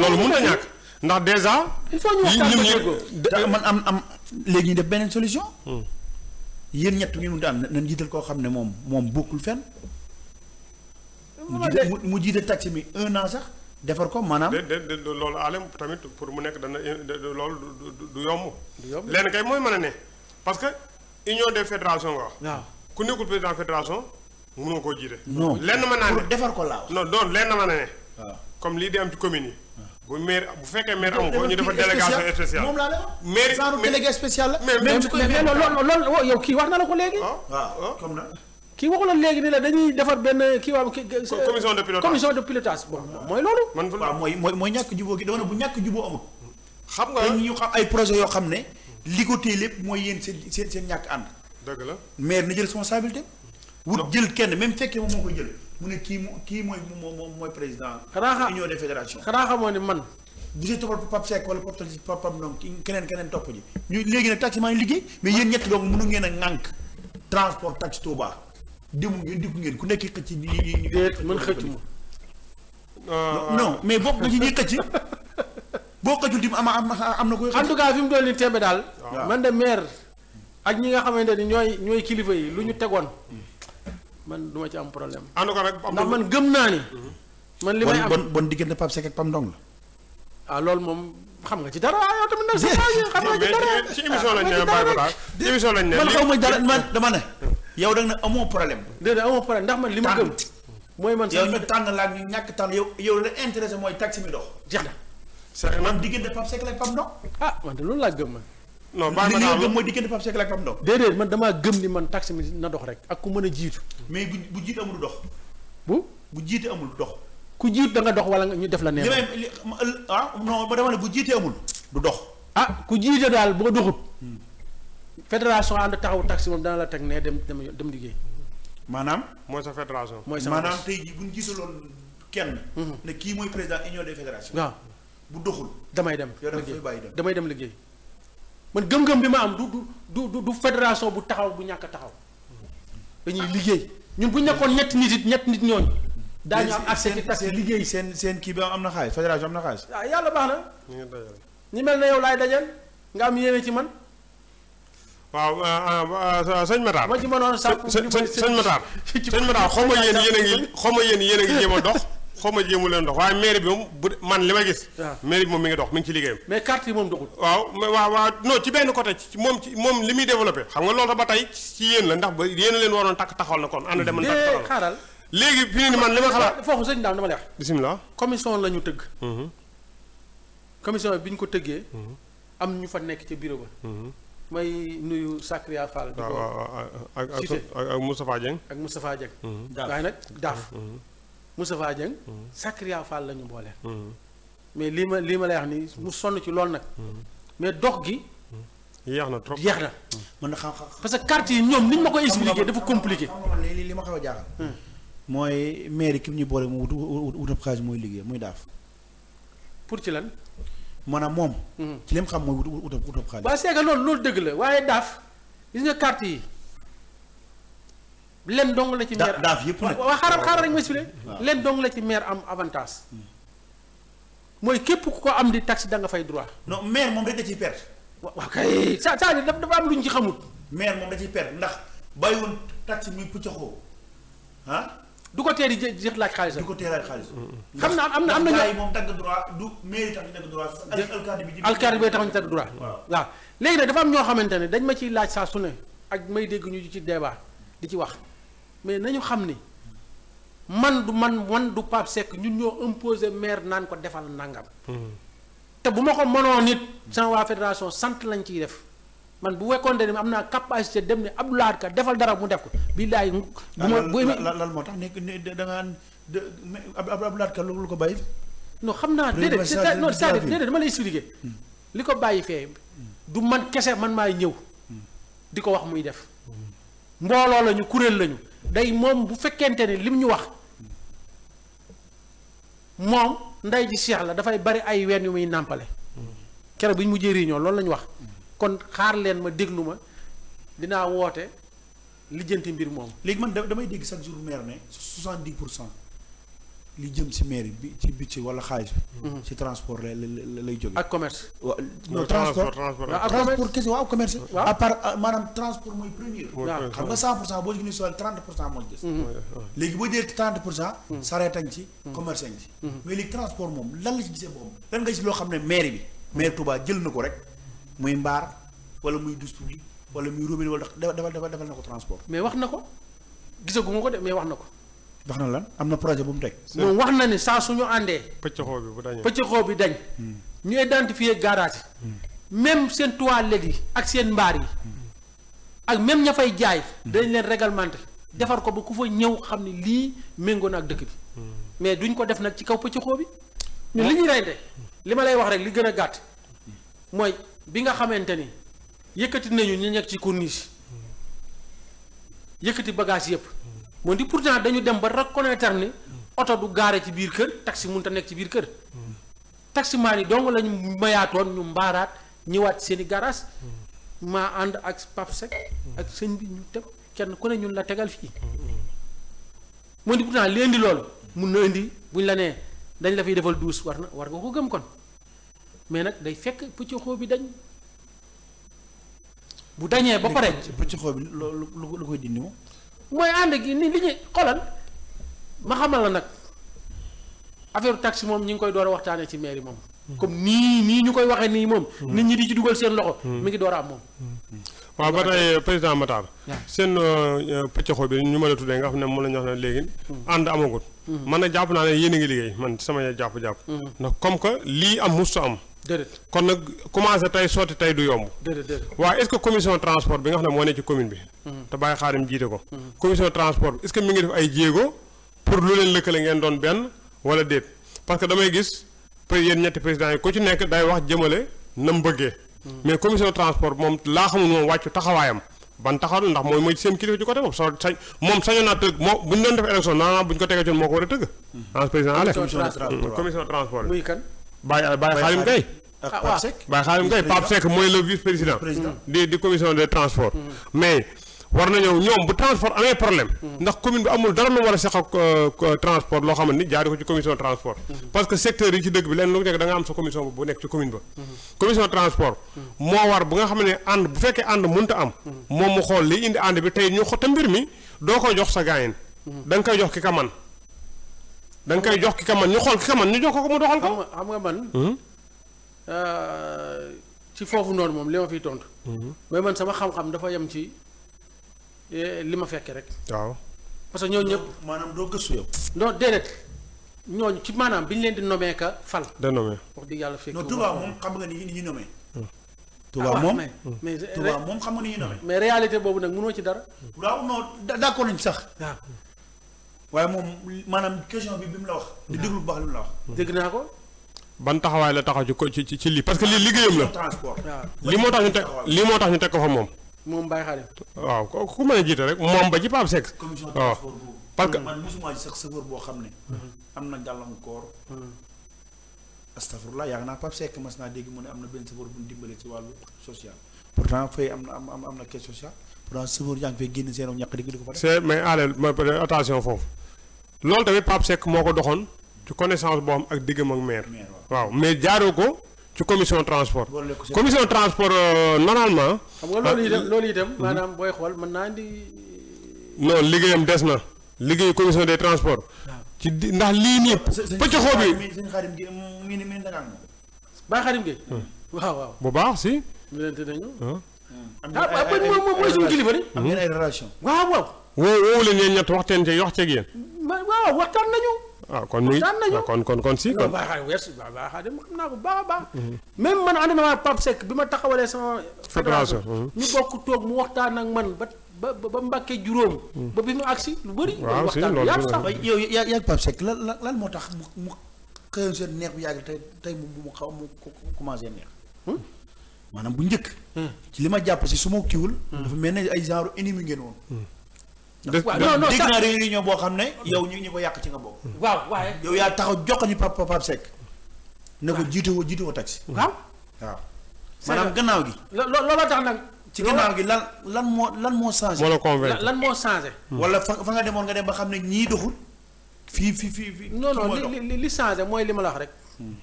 loolu mën na ñàkk ndax dèjà il faut ñu waxtaan man am am léegi ñu def beneen solution hmm. yéen ñett ngeen mënut am na jiital koo xam ne moom moom bokkul fenn. mu jiite taxi mi un an sax defar ko maanaam. de loolu alem tamit pour mu nekk dana loolu du yomb. du yomb lenn kay mooy man a ne parce que union des fédérations nga wax. waaw ku nekkul président fédération mënoo koo jiite. non lenn mën naa ne defar ko laaw. non donc lenn mën na ne. comme lii di am ci commune yi. bu maire bu fekkee maire amu ko ñu dafa délégation spéciale moom laa la maire genre délégué spécial la. mais même su ko mais loolu loolu yow kii wax na la ko léegi. waaw ah, ah, ah. comme na. kii waxu la léegi ni la dañuy defar benn kii waa commission de pilotage commission de pilotage bon mooy loolu. man waaw mooy mooy mooy ñàkk jubóo gi dama ne bu ñàkk jubóo amul. xam nga ñu xam ay projet yoo xam ne. li ko téye lépp mooy yéen seen seen seen ñàkk ànd. dëgg la maire na jël responsabilité. wut jël kenn même fekkee moom moo koy jël. mu ne kii mu kii mooy moom mooy président. xanaa xam union des fédérations. ne man. bu see toppal Pape Seck wala Pape Tali Pape Pape Ndong keneen keneen topp ji ñu léegi nag taxi maa ngi liggéey mais yéen ñett doog mënu ngeen a ŋànk transport taxi Touba demu ngeen dikku ngeen ku nekk xëcc ñi ñi ñi. déet man xëcc ma. non mais bokk nga ci ñi xëcc boo xëccul tamit am am am na koy. en tout cas fi mu doon nii teebe daal. man de maire ak ñi nga xamante ni ñooy ñooy kilifa yi lu ñu tegoon. Hmm. man duma ci am problème. en tout cas rek ndax man gëm naa ni. Mhm. man li may am bon bon diggante Pape ak Pape Ndong la. ah loolu moom xam nga ci dara yow tamit nag. xam nga ci dara ci émission lañ ah, ne Baye Bada ci émission lañ ne man xaw man da nga ne amoo problème. déedéet amoo problème ndax man li ma gëm. mooy man yow ñu tànn laa ñu ñàkk tànn yow yow la intéressé mooy taxi mi dox. jeex na. man diggante Pape Seck ak Ndong. ah man de loolu laa gëm man. non bàyyi ma gëm mooy diggante Pape Cheikh la ak Pape Ndaw. déedéet man damaa gëm ni man taxe mi na dox rek ak ku mën a jiitu. mais bu bu jiite amul dox. bu bu jiite amul dox. ku jiit da nga dox wala ñu def la nee ah non ba dama ne bu jiitee amul du dox. ah ku jiite daal boo doxut. Hmm. fédération ànd taxawu taxi moom dana la teg ne dem dem dem liggéey. maanaam. mooy sa fédération. mooy sa maanaam tey jii bu ñu jiitaloon kenn. Hmm. ne kii mooy président union des fédérations. waaw bu doxul. damay dem liggéey damay dem liggéey. man gëm-gëm bi ma am du du du du fédération bu taxaw bu ñàkk taxaw dañuy liggéey ñun bu ñu nekkoon ñetti nit it ñetti nit ñooñu. daañu am accès ci tas liggéey seen seen kii bi am na xaalis fédération am na xaalis. ah yàlla baax na. ñi mel na yow laay dajal nga am yéene ci man. waaw ah, ah, ah, sëñ Matar. ma ci mënoon sàkku sëñ Matar. sëñ Matar xaw ma yéen yéen a ngi xaw ma yéen yéen a ngi jéem a dox. xaw ma jéemu leen dox waaye mairie li ma gis ah. mairie moom mi ngi dox mi mais carte yi moom doxul waaw waaw waaw non ci benn côté ci moom ci muy développé xam nga loolu ta ba tey ci yéen la ndax ba yéen leen waroon takk taxawal na kon ànd deman takk eh, taxawal léegi fi ni man li ma xalaat foofu sëñ daam dama lay wax bisimilah commission la ñu tëgg mm-hmm. commission bi ñu ko tëggee mm-hmm. am ñu fa nekk ca bureau ba mm-hmm. may nuyu Sakria Fall. di ko ah, ah, ak ak Moustapha ak Moustapha Dieng. daaf. Moustapha Dieng Sakria Fall la ñu mm-hmm. mais lii ma lii ma lay wax ni mu sonn ci loolu nag mm-hmm. mais dox gi mm-hmm. yeex na trop yeex na mën na xam parce que carte yi ñoom niñ ma koy expliqué dafa compliqué li li a jaaxal mm. mooy maire ki ñu boole mu wut wutab xaalis mooy liggéey muy daaf pour ci lan maanaam moom ci li mu xam mooy wutab wutab xaalis waaw c'est que loolu loolu dëgg la waaye daaf gis nga carte yi leen dong la ci maire am yëpp nag waaw xaaral xaaral rek leen dong la ci maire am avantage mooy képp ku ko am di taxe da nga fay droit. non maire moom rek da ciy perte. waaw kay ça ça dafa am lu ñu ci xamul. maire moom da ci perte ndax bàyyiwoon taxe muy puccaxoo ah. du ko tee di jë jëf laaj xaalisam. du ko tee xam naa am na am na ñoo moom dagg droit du maire tax ñu dagg droit. alkaati bi alkaati bi tax ñu dagg droit. waaw léegi nag dafa am ñoo xamante ne dañ ma ciy laaj saa su ne ak may dégg ñu ci débat di ci wax. mais nañu xam ni man du man man du Pape Seck ñun ñoo imposer maire naan ko defal nangam. Hmm. te bu ma ko mënoon nit sama waa fédération sant lañ ciy def man bu fekkoon ne am naa capacité dem ne Abdoulaye Ka defal dara mu def ko. billaay ah, bu ma bu lan moo tax nekk da ngaa Abdoulaye Ka lu ko bàyyi. non xam naa déedéet c'est-à-dire déedéet dama lay expliquer. Hmm. li ko bàyyi fee hmm. du man kese man maay ñëw. di ko wax muy def. mbooloo lañu kuréel lañu. day moom bu fekkente ne lim ñu wax moom ndey ji seex la dafay bari ay ween yu muy nàmpale kere bi ñu mujjee réunion loolu la wax kon xaar leen ma déglu ma dinaa woote lijjanti mbir moom léegi man damay dégg chaque jur maire ne soixante-dix pour cent li jëm si mairie bi ci budget wala xaalis bi. si mm-hmm. transport lay lay jógee. ak commerce. waaw non transport transport kese waaw commerce. à part euh, maanaam transport mooy premier. xam nga 100 pour cent boo ci gis 30 pour cent mm-hmm. léegi boo jëlee 30 pour mm-hmm. a ci commerce a ngi ci. mais léegi transport moom lan la ci gisee moom lan nga gis loo xam ne mair bi. mairie Touba jël na ko rek muy mbaar wala muy douche publique wala muy robinet wala defal defal defal na ko transport. mais wax na ko gisaguma ko de mais wax na ko. wax na lan am na projet bu mu teg. moom wax na ne saa suñu àndee. pëccëxoo bi bu dañee pëccëxoo bi dañ. Hmm. ñu identifier garage yi. Hmm. même seen toilette yi ak seen mbaar yi. Hmm. ak même ña fay jaay. dañ leen réglementé. defar ko ba ku fa ñëw xam ne lii méngoo na ak dëkk bi. mais duñ ko def nag ci kaw pëccëxoo bi. ñun li ñuy ah. reynte li ma lay wax rek li gën a gàtt. mooy bi nga xamante ni yëkkati nañu ñu nekk ci corniche yëkkati bagage yëpp. moo di pourtant dañu dem ba reconnaître ni oto du gaare ci biir kër taxi mënut a nekk ci biir kër. taximaan yi dong lañ mayaatoon ñu mbaaraat ñëwaat seen i garage. maa ànd ak Pape ak sëñ bi ñu tëb kenn ku ne ñun la tegal fii. moo di pourtant li indi loolu mun na indi buñ la nee dañ la fiy defal duus war na war nga ko gëm kon mais nag day fekk pëcc xoo bi dañ. bu dañee ba pare. pëcc xoo bi lu lu lu koy dindi moom. mooy ànd gi ni li ñu xolal ma xamal la nag affaire taxe moom ñi ngi koy door a waxtaanee ci mairie moom. Hmm. comme nii nii ñu koy waxee nii moom. Hmm. nit ñi di ci dugal seen loxo. Hmm. mi ngi door a am moom. waaw ba tey euh, président Matar. seen euh, euh, pëccaxoo bi ñu ma la tuddee nga xam ne moom la ñu wax ne léegi. ànd amagut. man a jàpp naa ne yéen a ngi liggéey man sama jàpp-jàpp. ndax comme que lii am musta am. déedéet kon nag commencé tey sotti tey du yomb. déedéet déedéet est-ce que commission transport bi nga xam ne moo ne ci commune bi. Mhm. te bàyyi xaarim jiite ko. Mhm. commission transport bi est-ce que mi ngi def ay jéego pour lu leen lëkkale ngeen doon benn wala déet parce que damay gis yéen ñetti président yi ko ci nekk day wax jëmale na mu bëggee. Mhm. mais commission transport moom laa xamul moom wàccu taxawaayam. ban taxaw ndax mooy mooy seen kilifa ci ko tegee ci moo ko war a tëgg. en ah, président allé commission transport commission transport Euh, Baye Baye Xaalim Gueye. ak ah, ah, Pape Seck Baye Xaalim Gueye Pape Seck mooy le vice président. di mm. di commission des transports. Mm. mais war nañoo ñoom bu transport amee problème. Mm. ndax commune bi amul dara lu war a seq ak euh, euh, transport loo xamante ni jaari ko ci commission transport. parce que secteur yi ci dëkk bi lenn lu nekk da nga am sa commission bu nekk ci commune ba. commission transport. moo war bu nga xam ne ànd bu fekkee ànd mënut am. moom mu xool li indi ànd bi tey ñu xotta mbir mi sa gaayen da nga koy jox ki ka man da nga koy jox ki ka man ñu xool ki ka man ñu jox ko ko mu doxal ko. xam nga man. Hmm? Euh, ci foofu noonu moom li ma fiy tontu. Hmm? mais man sama xam-xam dafa yem ci eh, li ma fekkee rek. waaw parce que ñooñu ñëpp. maanaam doo gëstu yow. non déedéet ñooñu ci maanaam bi ñu leen di nommé ka fal. de nommé wax dëgg yàlla fekk. non Touba moom xam nga ni ñu nommé. Hmm. Touba ah, moom mais Touba moom xam nga ni ñu mais réalité boobu nag munoo ci dara. waaw non d'accord nañ sax. Ah. waaye moom maanaam question bi bi mu la wax. di déglu bu baax mu la wax. dégg naa ko. ban taxawaay la taxaw ci ko ci ci lii parce que lii liggéeyam la. transport lii moo tax ñu teg lii moo tax ñu teg ko fa moom. moom Baye Khadim. waaw ku ku mën a jiite rek moom ba ci Pape Seck. commission transport boobu parce que man mosuma sax chauffeur boo xam ne. am na gàllankoor. Mm-hmm. astafurlah yaakaar naa Pape Seck mas naa dégg mu ne am na benn chauffeur bu ñu dimbale ci wàllu social. pourtant fay am na am na caisse sociale pourtant chauffeur yaa ngi fay génn seen ñàkk di ko fa. c'est mais allez attention foofu. loolu tamit Pape Seck moo ko doxoon ci connaissance boo xam ak diggam ak maire. waaw mais jaaroo ko ci commission transport. commission transport euh, normalement. xam nga loolu itam dem mhm. maanaam booy xool man naa di. non liggéeyam des na. liggéey commission des transport ah. ci di ndax lii nii. pëcc xoob yi ba xarim gi hmm. waaw bu baax si. Ah. Hmm. am nañu ah, ay ay ay woo woowu leen yéen ñett waxtaan ca yox ceeg yéen. waaw waxtaan nañu. waaw ah, kon muy ah, kon kon si. kon waaw waaw merci waaw waaw xam naa baax a baax. même man ànd na waa bi ma taxawalee sama. fédération mhm. ñu bokk toog mu waxtaan ak man ba ba ba Mbàkke juróom. Mhm. ba bi mu agsi lu bëri. waaw si loolu waxtaan sax. yow yaa yaa Pape Seck lan lan moo tax mu mu xëyoon seen neex bu yàgg tey mu xaw mu commencé neex. Hmm? maanaam bu njëkk. Hmm. ci li ma jàpp si su ma kiiwul. Hmm. dafa mel ne ay genre ennemi ngeen woon. waaw non non dégg naa boo xam ne yow ñu ñu ko yàq ci nga bokk. waaw waaye. yow yaa taxaw jox ñu Pape Pape Seck. na ko jiite woo jiite woo taxi. waaw waaw. maanaam gannaaw gi. lo looloo tax nag. ci gannaaw gi lan lan moo lan moo changé. moo la lan moo changé. Hmm. wala fa fa nga demoon nga dem ba xam ne ñii doxul. fii fii fii fii. non non li li li changé mooy li ma la wax rek. Hmm.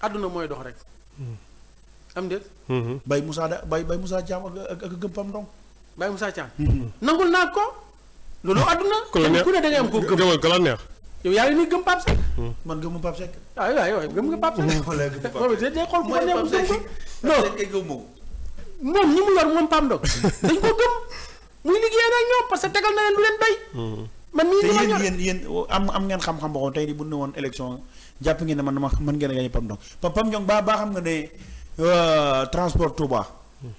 àdduna mooy dox rek. Hmm. am déet. bay Moussa da Baye Baye Moussa Thiam ak ak ak Gëmpam Ndong. Baye Moussa Thiam. nangul loolu àdduna. ku la neex ne da ngay am koo gëm gëmal ku yaa ngi nii gëm Pape Seck. Hmm. man gëmu Pape Seck. waaw waaw waaw gëm nga Pape Seck. la neex mu gëm ko. moom ñi mu yor moom Pape Ndong dañ ko gëm muy liggéey ak ñoom parce que tegal na leen lu leen bay. Hmm. man te yéen yéen am am ngeen xam-xam boo tey bu ne woon élection jàpp ngeen ne man ma mën ngeen a gagné Pape Ndong Pape baa baa xam nga ne euh, transport Touba. Hmm.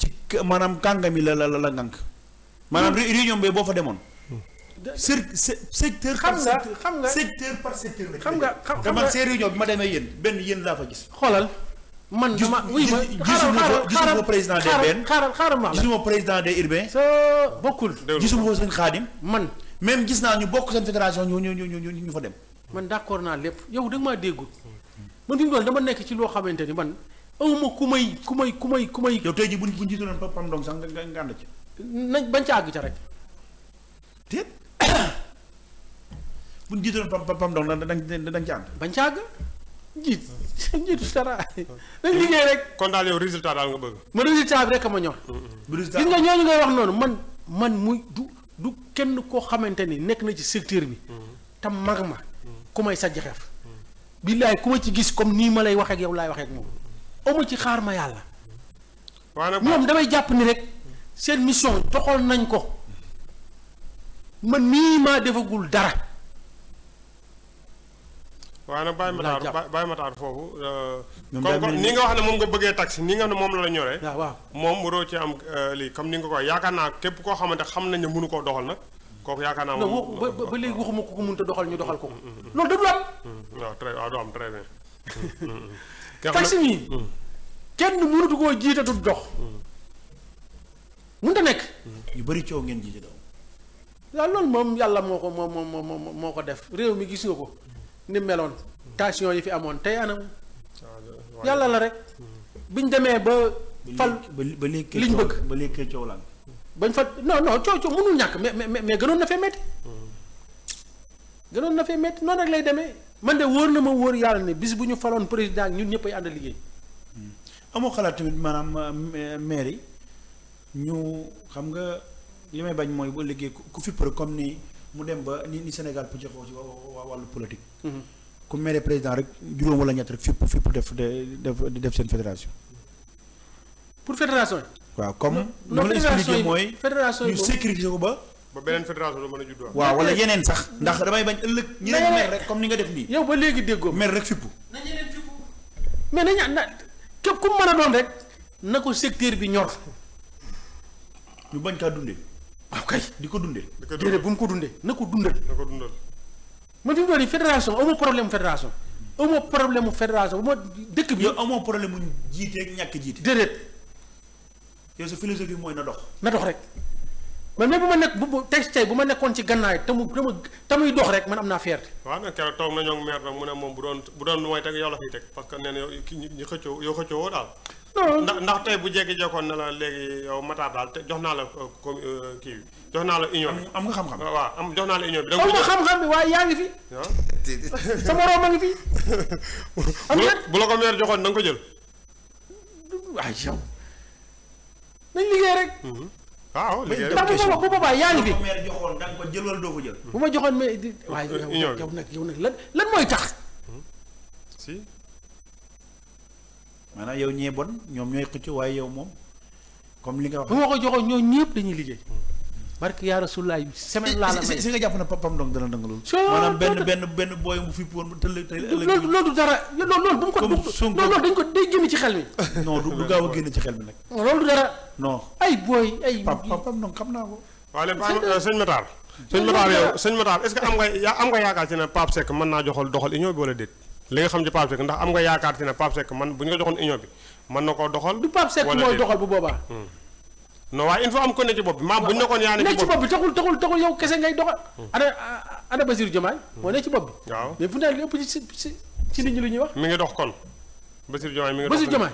ci maanaam kàngami la la la ngànk maanaam réunion bi boo fa demoon. secteur par secteur xam nga secteur par secteur la. xam nga xam nga man seen réunion bi ma demee yéen benn yéen laa fa gis. xoolal man dama wuy ma xaaral xaaral président des benn xaaral xaaral ma gisuma président des urbains. soo bokkul. gisuma seen xaadim man même gis naa ñu bokk seen fédération ñu ñu ñu ñu ñu fa dem. man d'accord naa lépp yow da nga maa déggul. man fi mu toll dama nekk ci loo xamante ni man awma ku may ku may ku may ku may. yow tey jii buñ buñ jiitaloon Pam Ndong sax nga nga ànd ci. nañ bañ ca àgg ca rek. déet bu ñu jiitoon pam pam pam dong da nga ca ànd. bañ ca àgg jiit jiitu dara dañ liggéey rek. kon daal yow résultat daal nga bëgg. ma résultat bi rek ma ñor. résultat gis nga ñooñu ngay wax man man muy du du kenn koo xamante ni nekk na ci secteur bi. te mag ma ku may sajj xef billaay ku ma ci gis comme nii ma lay waxee yow laay waxee ak moom. amu ci xaar ma yàlla. waaw damay jàpp ni rek. seen mission joxoon nañ ko man nii maa defagul dara. waaye nag bàyyi mataar bàyyi mataar foofu. comme nii nga wax ne moom nga bëggee taxi ni nga ne moom la la ñoree. Ah, waaw moom waroo ci am euh, lii comme ni nga ko waxee yaakaar naa képp koo xamante xam nañ ne mënu koo doxal nag. kooku yaakaar naa moom ba ba léegi waxuma ko ko mënut a doxal ñu doxal ko. loolu da du am. Mm, waaw très waaw du am très bien. Mm, mm, taxi kenn mënatu koo jiite du dox. mënut a nekk. ñu bëri coow ngeen ji ci doom. waaw loolu moom yàlla moo ko moo moo moo ko def réew mi gis ko. ni meloon tension yi fi amoon tey anam. yàlla la rek. biñ demee ba. fal ba li ñu bëgg ba léegi coow lan bañ fa non non coow coow mënul ñàkk mais mais mais gënoon na fee métti. gënoon na fee métti noonu rek lay demee. man de wóor na ma wóor yàlla ne bis bu ñu faloon président ñun ñëpp ay ànd liggéey. amoo xalaat tamit maanaam euh, maire yi ñu xam nga li bañ mooy bu liggéey ku fi comme ni mu dem ba ni ni Sénégal bu joxoo ci wàllu politique. Mhm. ku mere président rek juróom wala ñett fipp fipp def def def seen fédération. pour fédération waaw comme. loolu expliqué mooy fédération ñu sécuriser ba. ba beneen fédération du mën a juddoo. waaw wala yeneen sax. ndax damay bañ ëllëg. ñeneen mer rek comme ni nga def nii. yow ba léegi déggoo. mer rek fippu. na ñeneen fippu. mais na képp ku mu a doon rek. na ko secteur bi ñor. ñu bañ kaa dundee. waaw ah, kay di ko dundee. di ko bu mu ko dundee na ko dundal. na ko dundal man fi mu doon nii fédération amoo problème fédération. amoo problème mu fédération amoo dëkk bi. yow amoo problème mu jiitee ñàkk jiite. déedéet. yow sa philosophie mooy na dox. na dox rek man même bu ma nekk bu bu tey tey bu ma nekkoon ci gannaay te muy dox rek man am naa fierté. waaw nag keroog nañoo ak nag mu ne moom bu doon bu doon mooy teg yow la fiy teg parce que nee yow xëccoo yow xëccoo woo daal. ndax ndax tey bu jekki jekkoon na la léegi yow Matar daal te jox naa la ko euh, euh, kii bi jox naa la union bi. am nga xam-xam waaw am jox naa la union bi. da nga ko xam waaye yaa ngi fi. sa morom a bu la ko meer joxoon da ko jël. waaw yow. nañ liggéey rek. Mm-hmm. waaw liggéey rek bu yaa ngi fi. ma joxoon da ko jël wala doo ko jël. bu ma joxoon mais. union bi waaye yow nag yow nag lan lan mooy tax. Hmm? maanaam yow ñee bon ñoom ñooy xëcc waaye yow moom comme li nga wax. bu ma ko joxoon ñoo ñëpp dañuy liggéey. barke yaa Rasulullah semaine laa la may si nga jàpp na benn benn benn ko. comme ko day génn ci xel mi. non du gaaw a génn ci xel bi nag. loolu dara. non ay booy ay. Pam Pam Ndong xam naa ko. waaw léegi euh, sëñ Matar. sëñ Matar yow sëñ Matar est-ce am nga yaa am nga yaakaar ci ne Pape Seck mën naa joxal doxal union bi wala déet li nga xam ci Pape Seck ndax am nga yaakaar ci ne Pape Seck man bu ñu ko joxoon union bi mën na koo doxal. du Pape mooy doxal bu boobaa. Hmm. non waaye il am ko ne ci bopp bi maam bu ñu ne ci bopp bi taxul wax. mi ngi dox kon Basirou Diomaye mi ngi. Hmm.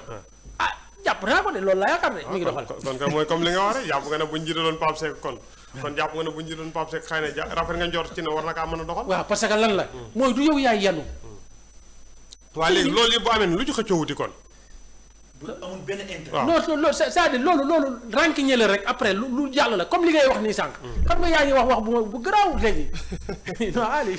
ah jàpp naa ko de loolu laa yaakaar ne mi ngi doxal. Ah, kon kon mooy nga ne bu ñu jiitaloon Pape Seck kon. ne rafet nga njort ci ne war na kaa mën a doxal. waaw parce que lan la. Hmm. mooy du yow yaay yanu waa léegi loolu yëpp bu amee lu ci xëccoo wuti kon. amul benn intérêt. non loolu c'est-à-dire loolu loolu rànkiñe rek après lu lu jàll la comme li ngay wax nii sànq. Hmm. xam nga yaa ngi wax wax bu ma bu garaaw léegi non Ali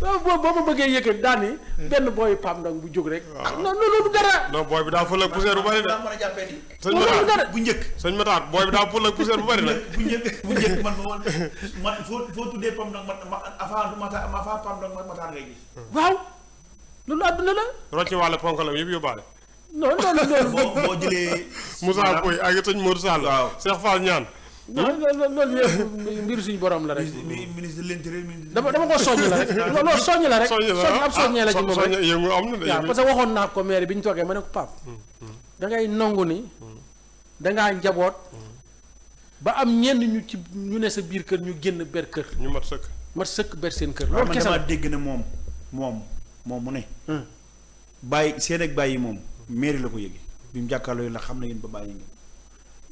boo boo ma bëggee yëkkati daan ni hmm. booy Pape Ndong bu jóg rek. waaw non loolu dara. booy bi daa fël ak poussière bu bari de. loolu dara bu njëkk. sëñ Matar booy bi daa fël ak poussière bu bari na bu njëkk bu njëkk man ma man foo foo tuddee Pape Ndong ma ma avant Pape Ndong ma Matar ngay gis. waaw. loolu àdduna la. rocci wàll ponkalam yëpp yóbbaale. non loolu loolu. boo boo jëlee. Moussa Pouy ak sëñ Modou Sall. waaw Cheikh Fall ñaan. non loolu hmm? loolu yëpp mbir suñu la rek. ministre de l'intérieur dama dama ko soññ la rek. loolu soññ la rek. soññ ab soññee la ci moom ah, am na. waaw parce que waxoon naa ko maire bi ñu toogee ma ne ko Pape. Hmm, hmm. dangay ngay nangu ni. dangaa njaboot. ba am ñenn ñu ci ñu ne sa biir kër ñu génn ber kër. ñu mat sëkk. mat sëkk ber seen kër. loolu kese la dégg na moom moom. moom mu ne. Hmm. bàyyi seen ak bàyyi moom mairie la ko yëgee bi mu jàkkaarloo la xam na yéen ba bàyyi ngeen.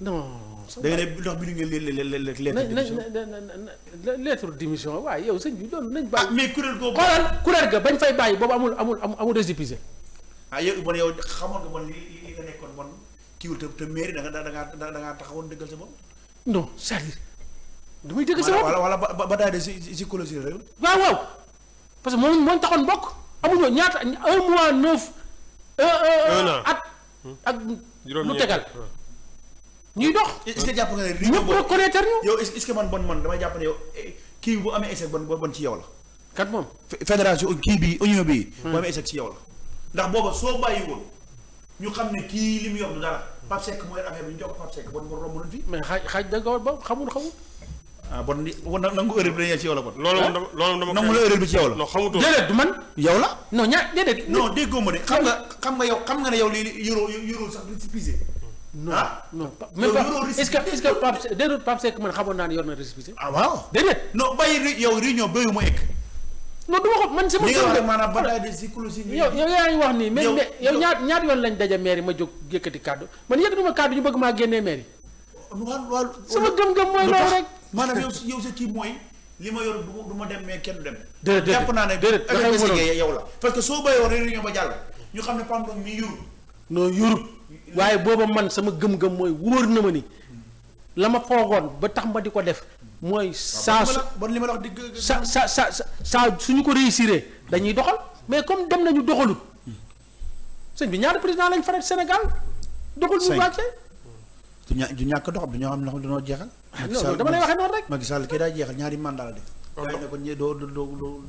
non da nga ne ndox bi du ngeen leen leen lettre démission waaye yow sëñ bi doon nañ bàyyi. Ah, mais kuréel googu xoolal kuréel ga bañ fay bàyyi boobu amul amul amul récépissé. ah yow bon yow xamoon nga bon li li nekkoon bon kiiwul te te mairie da nga da da nga taxawoon dëggal sa bopp. non cest à du may dëgg sa bopp. wala wala ba ba daal de si si si colonie waaw waaw parce que moom moo taxoon bokk. amuñoo ñaata un mois neuf. un an at ak lu tegal. Ah. ñuy dox. est-ce que jàpp nga ne lii ñëpp reconnaître ñu. yow est-ce man bon man damay jàpp ne yow eh, kii bu amee échec bon bon ci yow la. kat moom fédération kii bi union bi. bu hmm. amee échec ci yow la. ndax booba soo bàyyiwoon ñu xam ne kii li mu yor du dara. Pape Seck mooy affaire bi ñu jox ko Pape bon bon romb nañ fi. mais xaaj xaaj da nga ba xamul xamul. ah bon ni bon nangu erreur bi dañuy ci yow la bon. nangu la erreur bi ci yow la. déedéet man yow la. non ña déedéet. non déggoo ma de xam nga xam nga xam nga ne yow lii yoroo yoroo sax récépissé. non ah? non même na récépissé. ah waaw déedéet. non bàyyi yow réunion béyu ma egg. non du ma ko man sama. yow maanaam bataille de psychologie. yow yow yaa ngi wax nii mais kàddu ñu bëgg maa génnee mairie. sama gëm-gëm mooy loolu rek maanaam yow yow sa kii mooy li ma yor du ma dem mais kenn du dem. déedéet jàpp naa ne. déedéet dafay yow la parce que soo bàyyiwoon réunion ba jàll. ñu xam ne Pamdo mi yurub. non yurub waaye booba man sama gëm-gëm mooy wóor na ma ni la ma foogoon ba tax ma di ko def. mooy saa su bon li ma la wax dëgg sa sa sa saa suñu ko réussiree dañuy doxal mais comme dem nañu doxalut sëñ bi ñaari président lañ faral Sénégal doxul ñu wàcce du ña ñàkk dox bi ñoo xam ne dañoo jeexal. Ah, non dama lay waxee noonu rek. Macky Sall kii daa jeexal ñaari mandat la def. gaa yi ne ko ñe doo doo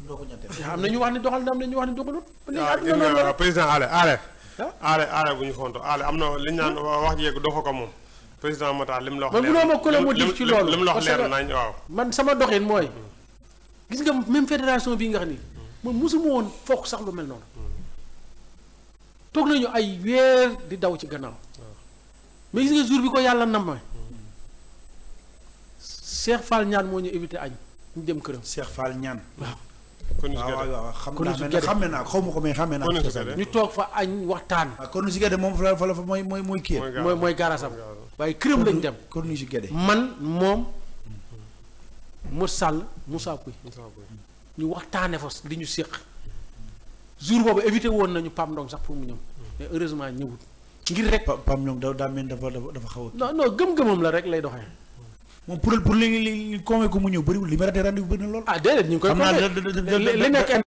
doo ko ñetteel. Ah, am na ñu wax ne doxal na am na ñu wax ne doxalut. waaw président Allé Allé. Ah? Allé Allé bu ñu fonto Allé am na li ñu naan hmm? wax jeeg doxu ko moom. président Matar li mu la wax leer ma gënoon ci loolu. li mu la wax leer nañ waaw. man sama doxin mooy. gis nga même fédération bii nga xam ni. man mosuma woon foog sax lu mel noonu. Hmm. toog nañu ay weer di daw ci gannaaw mais gis nga jour bi ko yàlla nammee Cheikh Fall ñaan moo ñu éviter añ ñu dem këram. Cheikh Fall ñaan. waaw. kon ah, xam naa xame naa xaw ma ko mais xame naa. ñu toog fa añ waxtaan. ah kon si gerte moom fa la mooy mooy mooy kii. mooy mooy garasam waaye këram lañ dem. kon si gerte man moom. mu sàll Moussa Pouy. ñu waxtaane fa li ñu séq. jour boobu éviter woon nañu Pam Ndong sax pour mu ñëw. mais heureusement ñëwut. ngir rek Pam ñoom da daa mel dafa dafa xaw a. non non gëm-gëmam la rek lay doxee. moom pour pour li li convaincre mu ñëw bëriwul li ma raté rendez-vous na lool. ah déedéet ñu ngi koy. xam li nekk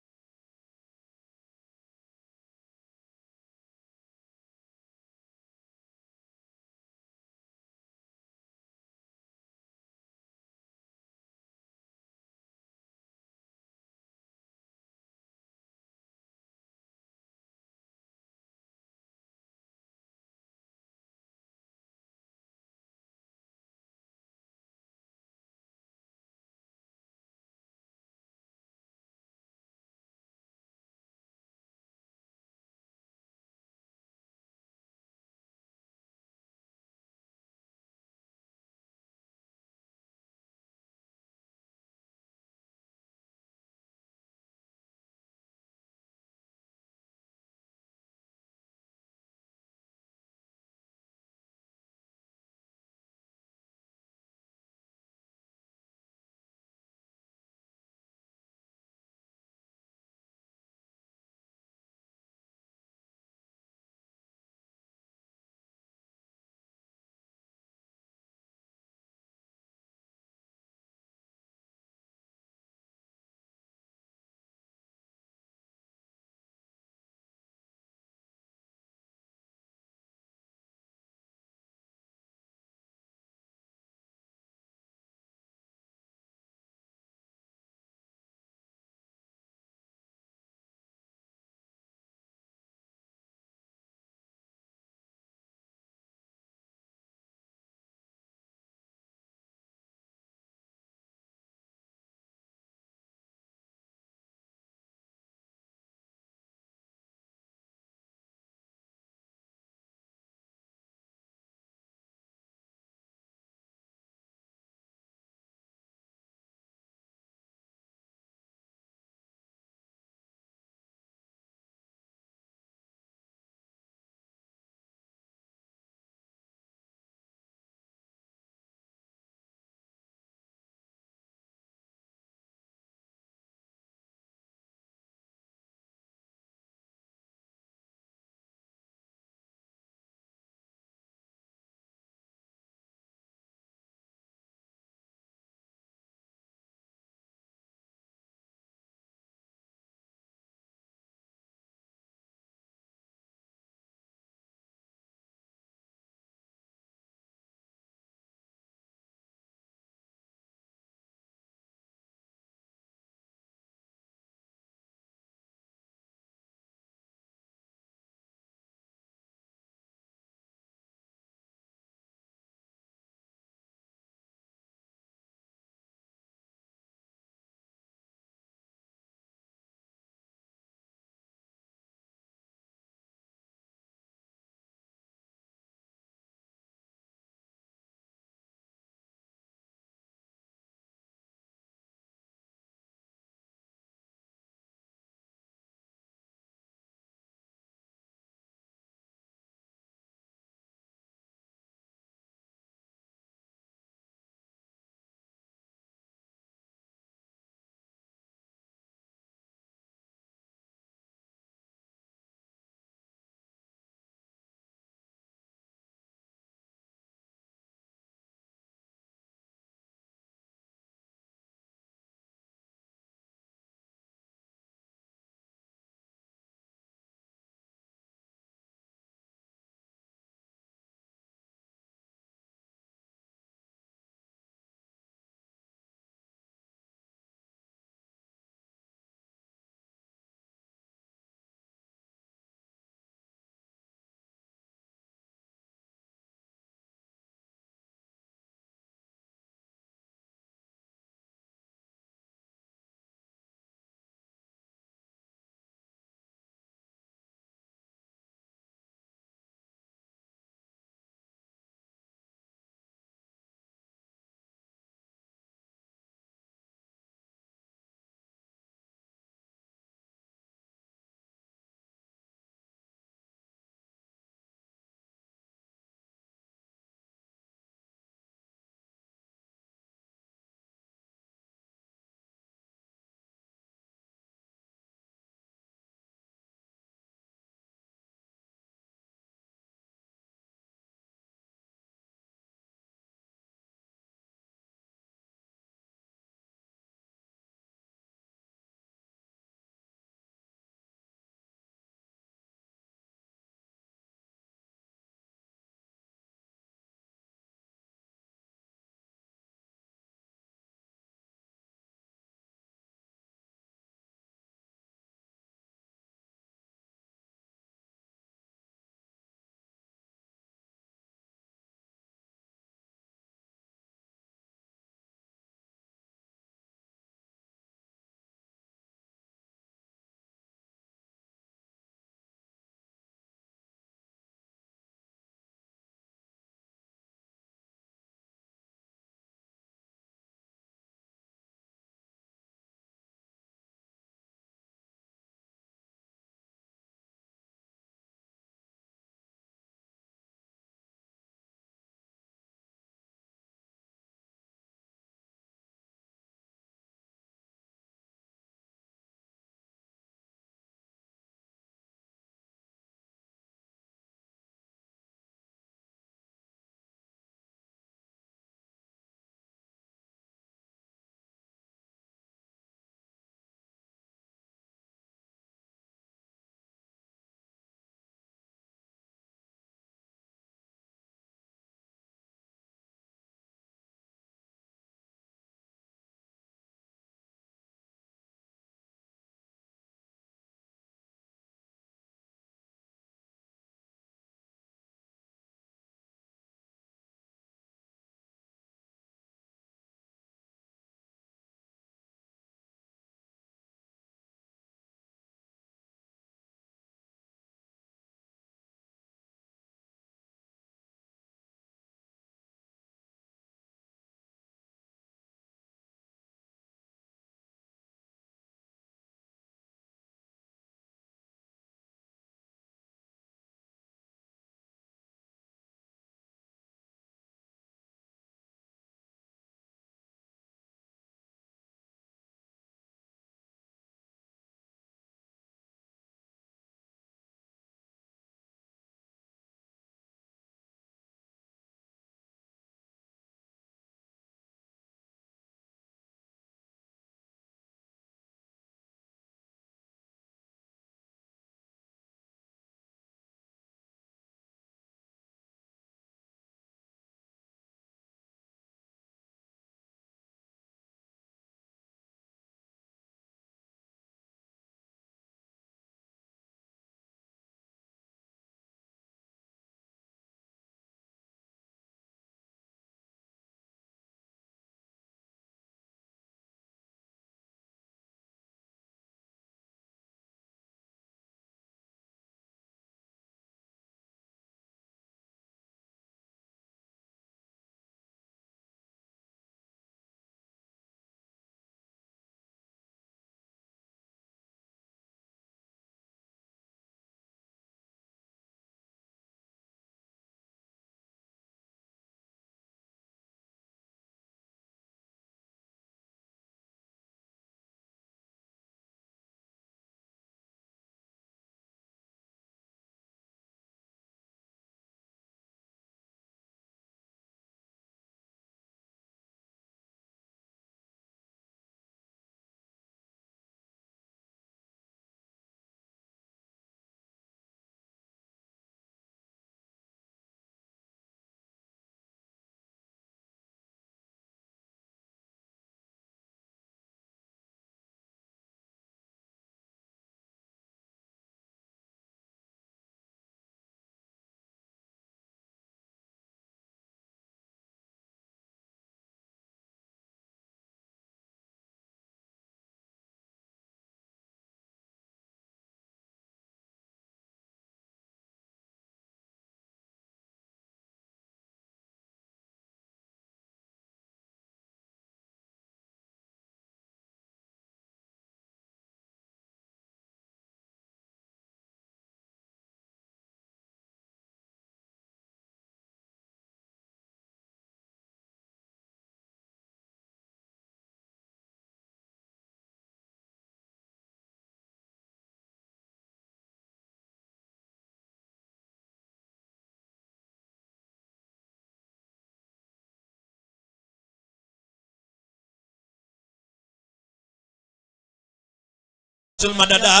مددا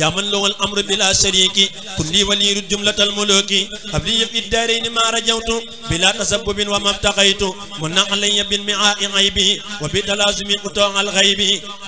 يا من له الامر بلا شريك كن لي ولي جمله الملوك قبلي في الدارين ما رجوت بلا تسبب وما ابتغيت من علي بالمعاء عيبي وبتلازم قطع الغيب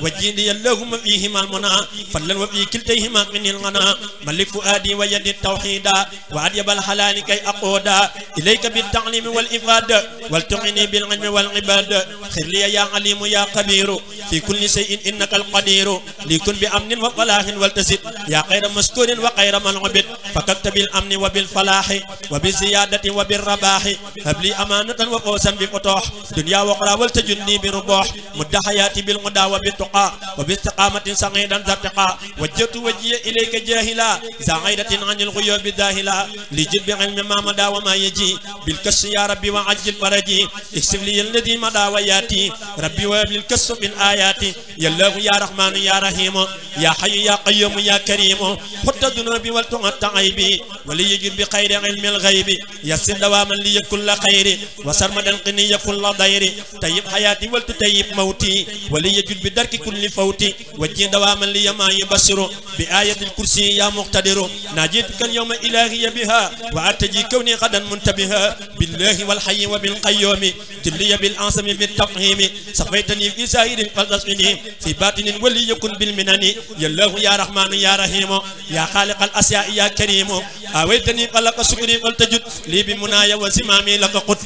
وجيني اللهم فيهما المنى فلا وفي كلتيهما من الغنى ملك فؤادي ويد التوحيد وعجب الحلال كي اقودا اليك بالتعليم والافاد والتعني بالعلم والعباد خير لي يا عليم يا قدير في كل شيء انك القدير li kun bi amnin wa falaahin wal tasit yaa xayra maskurin wa xayra mal'ubid fakakta bil amni wa bil falaahi wa bi ziyaadati wa bir rabaahi habli amaanatan wa fawsan bi futooh dunya wa ukhra wal tajunni bi rubooh mudda hayaati bil hudaa wa bi tuqaa wa bi istiqaamatin sa'iidan zartiqaa wajjahtu wajhiya ilayka jaahila zaa'idatin anil ghuyuubi daahila li jilbi ilmi maa madaa wa maa yaji bil kasfi yaa rabbi wa ajjil faraji iksif li alladhi madaa wa yaati rabbi wa bil kasfi min aayaati ya Allaahu ya rahmaanu ya يا رحيم يا حي يا قيوم يا كريم حط ذنوبي ولتغطى عيبي وليجد بخير علم الغيب يسر دواما لي كل خير وسرمدا قني كل ضير طيب حياتي ولتطيب موتي وليجد بدرك كل فوتي وجه دواما لي ما يبشر بآية الكرسي يا مقتدر ناجيتك اليوم إلهي بها وأرتجي كوني غدا منتبها بالله والحي وبالقيوم جلي بالأعصم بالتفهيم صفيتني في سائر فلتصني في باطن ولي يكون yakun bil minani ya lahu ya rahmanu ya rahimu ya khaliqal asya'i ya karimu awaytani qalqa sukri qul tajud li bi munaya wa simami laka qut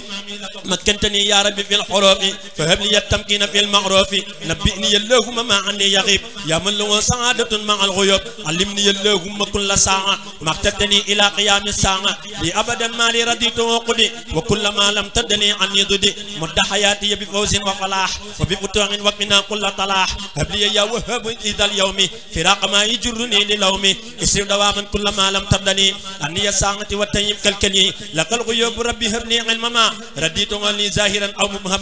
makkantani ya rabbi fil hurufi fa hab li tamkina fil ma'rufi nabbini ya allahumma ma anni yaghib ya man lahu sa'adatun ma al ghuyub allimni ya allahumma kull sa'a maqtatani ila qiyam as-sa'a li abadan ma li raditu wa qudi wa kull ma lam tadni anni dudi mudda hayati bi fawzin wa falah wa bi futuhin wa qina kull talah hab li ya wahhab إذا اليوم فراق ما يجرني للوم اسر دواما كل ما لم تبدني أني الساعة والتيم كالكني لك الغيوب ربي هرني علمما رديت عني ظاهرا أو مبهما